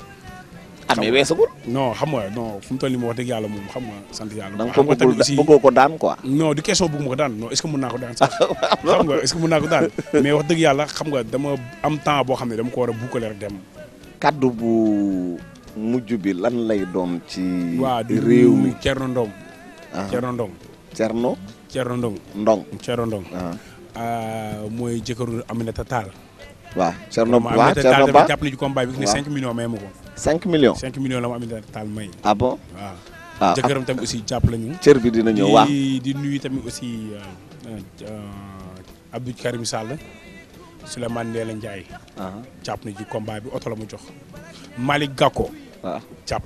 at ah, mi weesagul. non xam nga no fu ta toll nii ma wax dëgg yàlla moom xam nga sant yàlla. da ah, nga ko bëggul bëggoo ko daan quoi. non du question bëgg ma ko daan non est ce que mën naa ko daan sax ah, xam nga est mais wax dëgg yàlla xam nga dama am temps boo xam ne dama ko war a boucler rek dem. kaddu bu mujj bi lan lay doom ci. réew mi waaw du Thierno Ndong. Thierno Ndong. mooy jëkkëru Aminata Tall. waaw Thierno waaw Ba waaw Aminata Tall tamit jàpp na ci combat ne 5 millions may ma cinq millions cinq millions la ma Aminata Tall may. ah bon waaw. Ah, tamit aussi jàpp lañu. cër bi dina ñëw waaw di di nuyu tamit aussi euh, euh, Abdou Karim ah. jàpp na ci combat bi mu jox. Malick Gakko. Ah.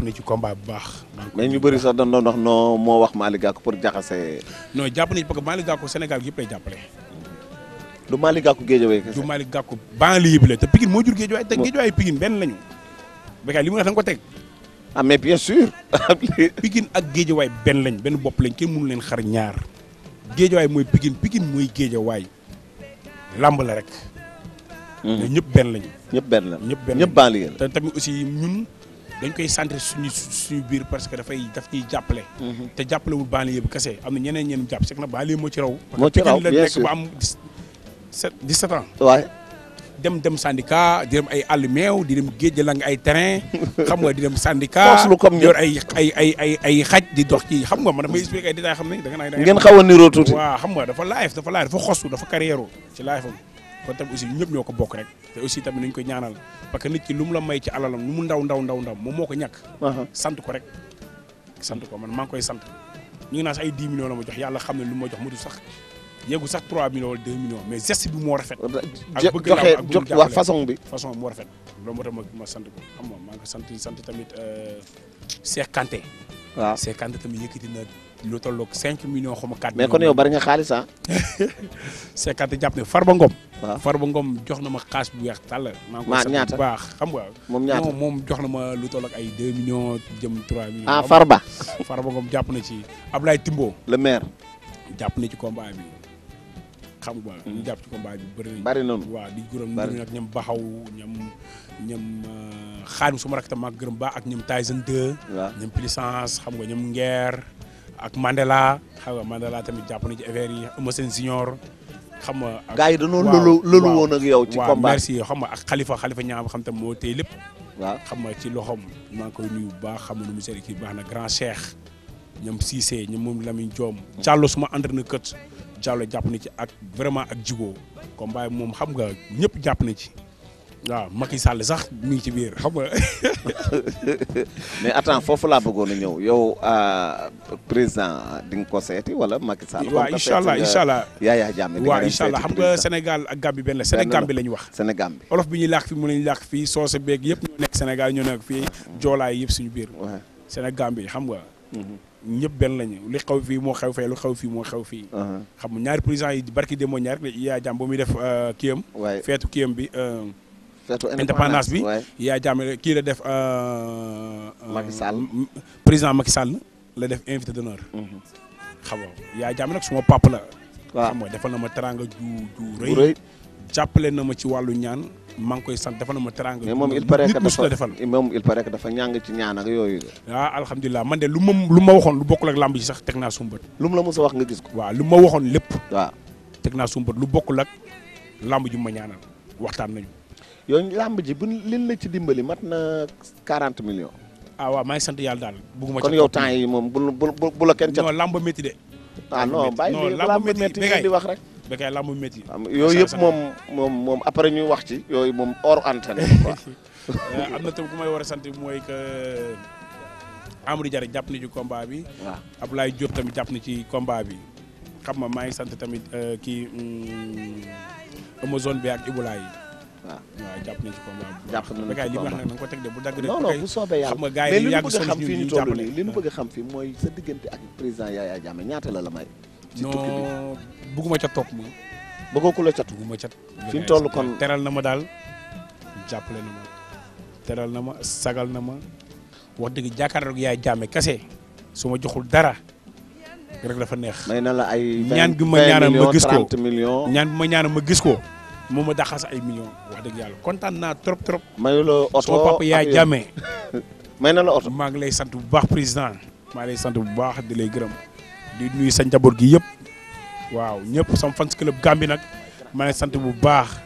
na ci combat bu baax. mais ñu bari sax dañ doon wax non moo wax Malick Gakko pour jaxase. non jàpp nañu parce que Malick Gakko Sénégal yëpp lay jàppale. du Malick Gakko Guédiawaye kese. du Malick Gakko banlieue bi te Pikine moo jur Guédiawaye te Guédiawaye Pikine benn lañu. Bécaye li moo wax da nga ko teg. ah mais bien sûr. Pikine ak Géejawaay benn lañ benn bopp lañ kenn mënu leen xar ñaar Géejawaay mooy Pikine Pikine mooy Géejawaay làmb la rek. Hmm. ñëpp benn lañu. ñëpp benn la ñëpp benn ñëpp banlieue la te tamit aussi ñun dañ koy centré suñu suñu biir parce que dafay daf ñuy jàppale. Hmm. te jàppalewul banlieue yëpp kese am na ñeneen ñeen jàpp c'est na nag banlieue moo ci raw. moo ci raw bien sûr parce que am 17 dem dem syndicat di dem ay àll meew di dem géej lang ay terrain xam nga di dem syndicat yor ay ay ay ay xaj di dox ci xam nga man damay expliqué ay détails xam ne da nga naan a niroo tuuti waaw xam nga dafa live dafa live dafa xosu dafa carrière ci live am kon ñoo ko bokk rek te aussi nañ ko ñaanal parce que nit ki lu la may ci alalam lu daw ndaw ndaw moom moo ko ñàkk uh-huh. sant ko rek sant ko man maa ngi koy sant ñu ngi naan ay 10 millions la ma jox yàlla xam ne lu ma jox mu du sax yéegu sax 3 millions wala 2 mais geste bi moo rafet. ak bëgg laa ak joxe wax façon bi. façon moo rafet loolu moo tax ma ma sant ko xam nga maa ngi sant sant tamit euh, Cheikh Kanté. waaw Cheikh Kanté tamit yëkkati na lu tolloog 5 millions xaw ma 4 mais kon yow bari nga xaalis ah. Cheikh Kanté jàpp ne Farba Ngom. waaw jox na ma xaas bu weex tàll. maa ñaata maa baax xam nga. moom ñaata moom jox na ma lu tolloog ay 2 millions jëm 3 millions. ah Farba. Farba Ngom jàpp na ci Ablaye Timbo. le maire. jàpp na ci combat bi. xam nga mm-hmm. ñu jàpp ci combat bi bëri nañu. bëri nañu waaw di gërëm ñu nag ñoom Baxaw ñoom ñoom euh, xaadim suma rek tam ak gërëm ba ak ñoom Tyson 2. xam nga ñoom Nguer ak Mandela xam nga Mandela tamit jàpp na ci affaire yi Eumeu xam nga ak yi dañoo lëlu lëlu woon yow. ci combat xam nga ak xalifa xalifa ñaam xam tam moo téye lépp. waaw xam nga ci loxoom maa ngi koy bu baax xam nga nu mu seet kii baax na grand cheikh ñoom Cissé ñoom moom Lamine Diom. Diallo mm-hmm. suma entraîneur kët Diallo jàpp na ci ak vraiment ak Djigo combat bi moom xam nga ñëpp jàpp na ci waaw Macky Sall sax mi ngi ci biir xam nga. mais attends foofu laa bëggoon a ñëw yow euh, président di nga ko seeti wala Macky Sall. waaw incha allah incha allah Yaya Jammeh di xam nga Sénégal ak Gambie benn la Sénégal bi la ñu wax. Sénégal bi olof bi ñuy làkk fi mu lañu làkk fii soose beeg yëpp ñoo nekk Sénégal ñoo nekk fii ah, ah. joolaay yëpp suñu biir. Sénégal bi xam nga. Mm-hmm. ñëpp benn lañu li xaw fii moo xew fee lu xew fii moo xew fii. Uh-huh. xam nga ñaari président yi barki démb ñaar yaa jàmm ba muy def euh, kiyam. waay feetu kiyam bi. Euh, feetu indépendance bi yaa jàmm kii la def. Euh, Macky Sall président Macky Sall la def invité d'honneur. Mm-hmm. xam nga yaa jàmm nag suma papa la. waaw xam nga defal na ma teraanga ju jàppale na ma ci wàllu ñaan. maa koy sant defal ma teraanga. mais moom il paraît que dafa moom il paraît que dafa ñàng ci ñaan yooyu. ah alhamdulilah man de lu ma lu ma waxoon lu bokk ak làmb ji sax teg naa suñu bët. lu mu la a wax nga gis ko. waaw lu ma waxoon lépp. waaw teg lu bokkul ak làmb ji ma ñaana waxtaan nañu. yow làmb ji bu liñ la ci dimbali mat na 40 million ah waaw sant yàlla daal. bugguma kon yow temps moom bu bu bu la kenn. non làmb métti de. ah non bàyyi làmb métti di wax rek. békaay làmb métti. Ah, yooyu yëpp moom moom moom après ñu wax ci yooyu moom hors antenne quoi. Euh, am na tam ku may war a sant mooy que Amadou Diarra jàpp na ci combat bi. waaw ah. Ablaye Diop tamit jàpp na ci combat bi. xam ma maa ngi sant tamit euh, kii Amazone hmm, bi ak Iboula ah. jàpp nañ ci combat bi. jàpp li na nga ko teg de bu dagg. de non non bu yàlla xam li ñu bëgg a xam fii ñu toll nii li ñu bëgg a xam fii mooy sa diggante ak président Yaya Jammeh ñaata la la may. ci tukki bi non bëgguma ca topp moom. bëggoo ku cat fi mu toll kon teral na ma daal jàppale na ma teral na ma sagal na ma wax dëgg jàkkaarloog yaay jàmme kese su ma joxul dara rek dafa neex. may na la ay ñaan bi ma ñaanal ma gis ko ma gis ko. moom ma daxas ay million wax dëgg yàlla kontaan naa trop trop. mayu la oto sama papa yaa na la oto maa ngi lay sant bu baax président. maa lay sant bu baax di lay gërëm. di nuyu sa njaboot gi yëpp waaw ñëpp sama fans club Gambie nag ma ne sant bu baax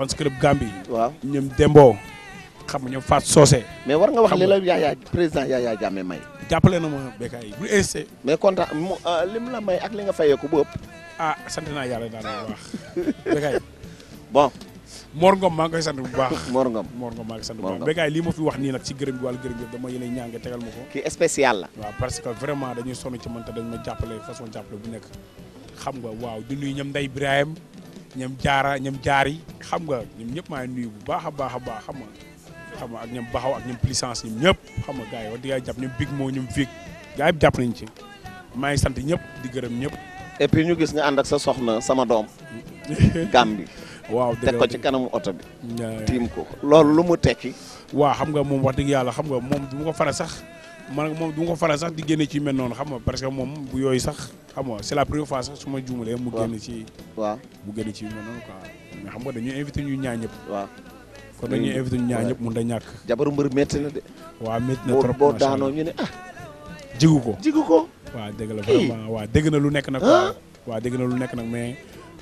fans club Gambie. waaw ñoom Dembo xam nga ñoom Fatou Socé. mais war nga wax li la Yaya président Yaya Jammeh may. jàppale na ma béykat yi bu insté. mais kontaan mu euh, lim la may ak li nga fayee ko bu ëpp. ah sant naa yàlla daal di bon. Mor Ngom maa ngi sant bu baax Mor Ngom Mor Ngom maa ngi sant bu baax bégaay lii ma fi wax nii nag ci gërëm gi wàllu gërëm gi dama yéene ñaan nga tegal ma ko kii spécial la waaw parce que vraiment dañuy sonn ci man te dañ ma jàppale façon jàppale bu nekk xam nga waaw di nuyu ñoom Ndey Ibrahim ñoom jaara ñoom jaari xam nga ñoom ñëpp maa ngi bu baax a baax a baax xam nga xam nga ak ñoom baxaw ak ñoom puissance ñoom ñëpp xam nga gars yi wax dëgg yàlla jàpp ñoom big moo ñoom fiig gars yi jàpp nañ ci maa ngi sant ñëpp di gërëm ñëpp et puis ñu gis nga ànd ak sa soxna sama doom Gàmbi waaw teg ko ci kanamu oto bi. tiim ko loolu lu mu tekki. waaw xam nga moom wax dëgg yàlla xam nga moom du ma ko fara sax man moom du ma ko fara sax di génne ci mel noonu xam nga parce que moom bu yooyu sax xam nga c'est la première fois sax su ma juumalee. mu génn ci waaw mu génn ci mel noonu quoi. mais xam nga dañuy invité ñu ñaa ñëpp. waaw kon dañuy invité ñu ñaa ñëpp mun da ñàkk. jabaru mbër métti na de. waaw métti na trop boo daanoo ñu ne ah. jigu ko jigu ko. waaw dëgg la vraiment waaw dégg na lu nekk nag. waaw dégg na lu nekk nag mais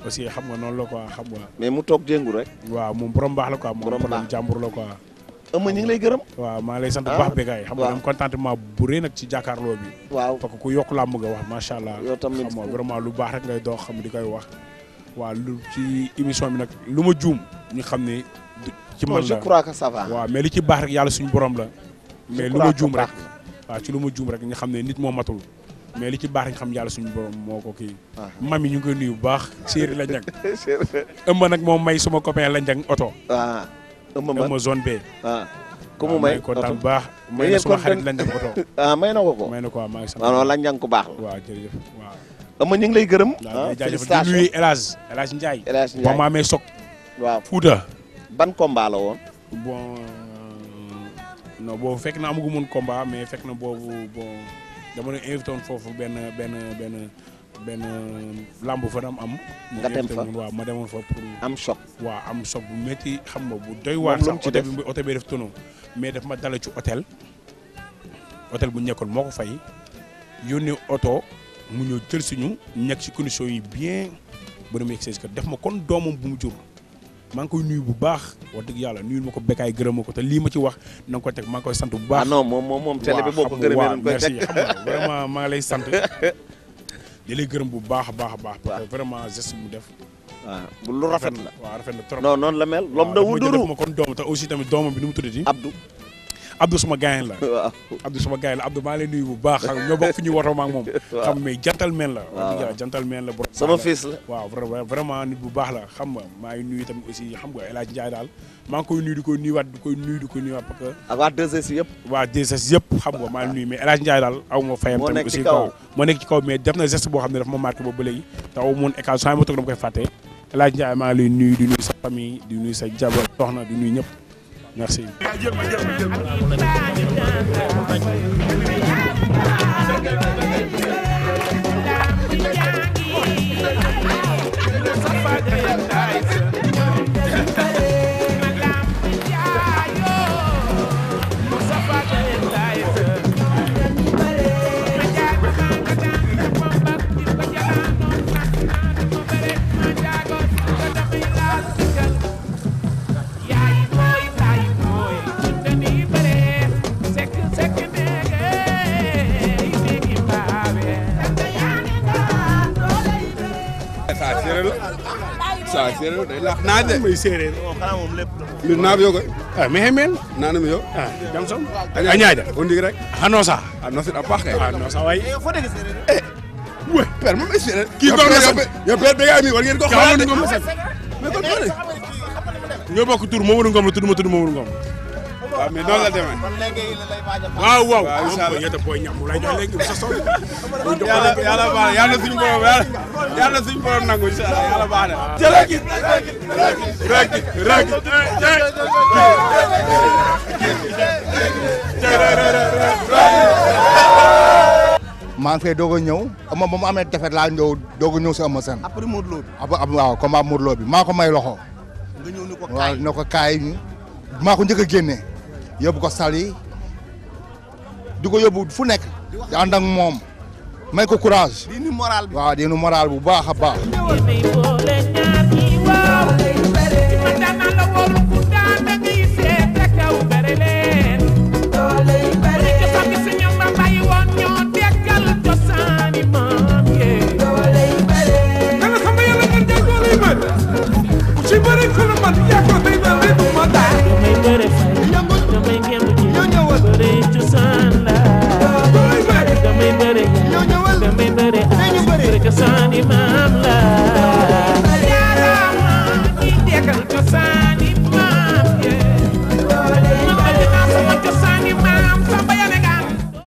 aussi xam nga noonu la quoi xam nga. mais mu toog jéngu rek. waaw moom borom baax la quoi. borom baax moom jàmbur la quoi. ëmb ngi lay gërëm. waaw maa lay sant bu ah, baax Bécaye xam nga am contentement bu rëy nag ci jàkkaarloo bi. waaw parce que ku yokk làmb nga wax macha allah. yow tamit xam lu baax rek ngay doon xam di koy wax. waaw lu ci émission bi nag lu ma juum ñu xam ne. ci man la je crois que ça mais li ci baax rek yàlla suñu borom la. mais lu ma rek. waaw ci lu ma juum rek ñu xam ne nit moo matul. mais li ci baax ñu xam yàlla suñu boo moo ko kii. Ah. mami ñu ngi koy bu baax. séeri la njang ëmb nag moom may suma copain la njang oto. waaw ah. ëmb ma zone ah. bu baax. may na suma la njang oto. may na ko ko may na ko waaw maa ngi ñu ngi lay gërëm. ah félicitations di nuyu Ndiaye. El Hadj Ndiaye ma amee Sokk. waaw Fouta. ban combat la woon. bon euh, fekk na amagu mun combat mais fekk na boobu bon dama ne invité foofu benn benn benn benn lamb fa dam am. nga dem fa ma demoon fa am choc waaw am choc bu métti xam nga bu doy waar sax oto bi bi def tonneau mais daf ma dala ci hôtel hôtel bu ñekkoon moo ko fay yónnee oto mu ñëw jël suñu ñekk ci condition yi bien ba mu yegg seen kër def ma kon doomam bu mu jur. maa ngi koy nuyu bu baax wax dëgg yàlla nuyu ma ko bekkaay gërëm ma te lii ma ci wax na nga teg maa ngi koy sant bu baax. ah non moom moom moom télé vraiment maa lay sant di lay gërëm bu baax a baax a baax. parce que vraiment geste mu def. waaw ah, lu rafet la waaw rafet na trop. non noonu la mel. lom da wuduru kon doom te aussi tamit doomam bi nu mu tuddati Abdou. Abdou suma gaayen la waaw Abdou suma gaayen la maa lay nuyu bu baax xam ñoo bokk fi ñuy woto maak moom xam mais gentleman la waaw gentleman la borom sama fils bu baax la xam nga maa ngi nuyu tam aussi xam nga El Hadj Ndiaye daal maa ngi koy nuyu di koy nuyuwaat di di koy nuyuwaat parce que ak waa nga maa ngi nuyu mais El ma fayam tamit aussi kaw def na geste boo xam ne dafa ma marqué ba ba léegi te aw moon école saa ma toog koy fàtte El Hadj maa lay nuyu di nuyu sa famille di nuyu sa jabar soxna di nuyu ñëpp merci. séeréer day laax naaj de. muy séeréer xanaa moom lépp. mbir naaf jam som. a ñaaja o ndig rek. a noosa. a noosit a ah, a noosa waay. Eh, fo dégg séeréer. we eh, père moom séeréer. kii gox na sax yow mi war ngeen ko xoolaat de. mais kon foo eh, de. ñoo bokk tur Mamadou Ngom la waaw mais maa ngi fay doog moom amee defet laa ñëw doog a ñëw si Eumeu Sène. après Modou Lo maa ko may loxo. nga kaay waaw maa ko njëkk yóbbu ko sali di ko yóbbu fu nekk di ànd ak moom may ko courage. di nu waaw di nu bu baax a baax. cosaani maam la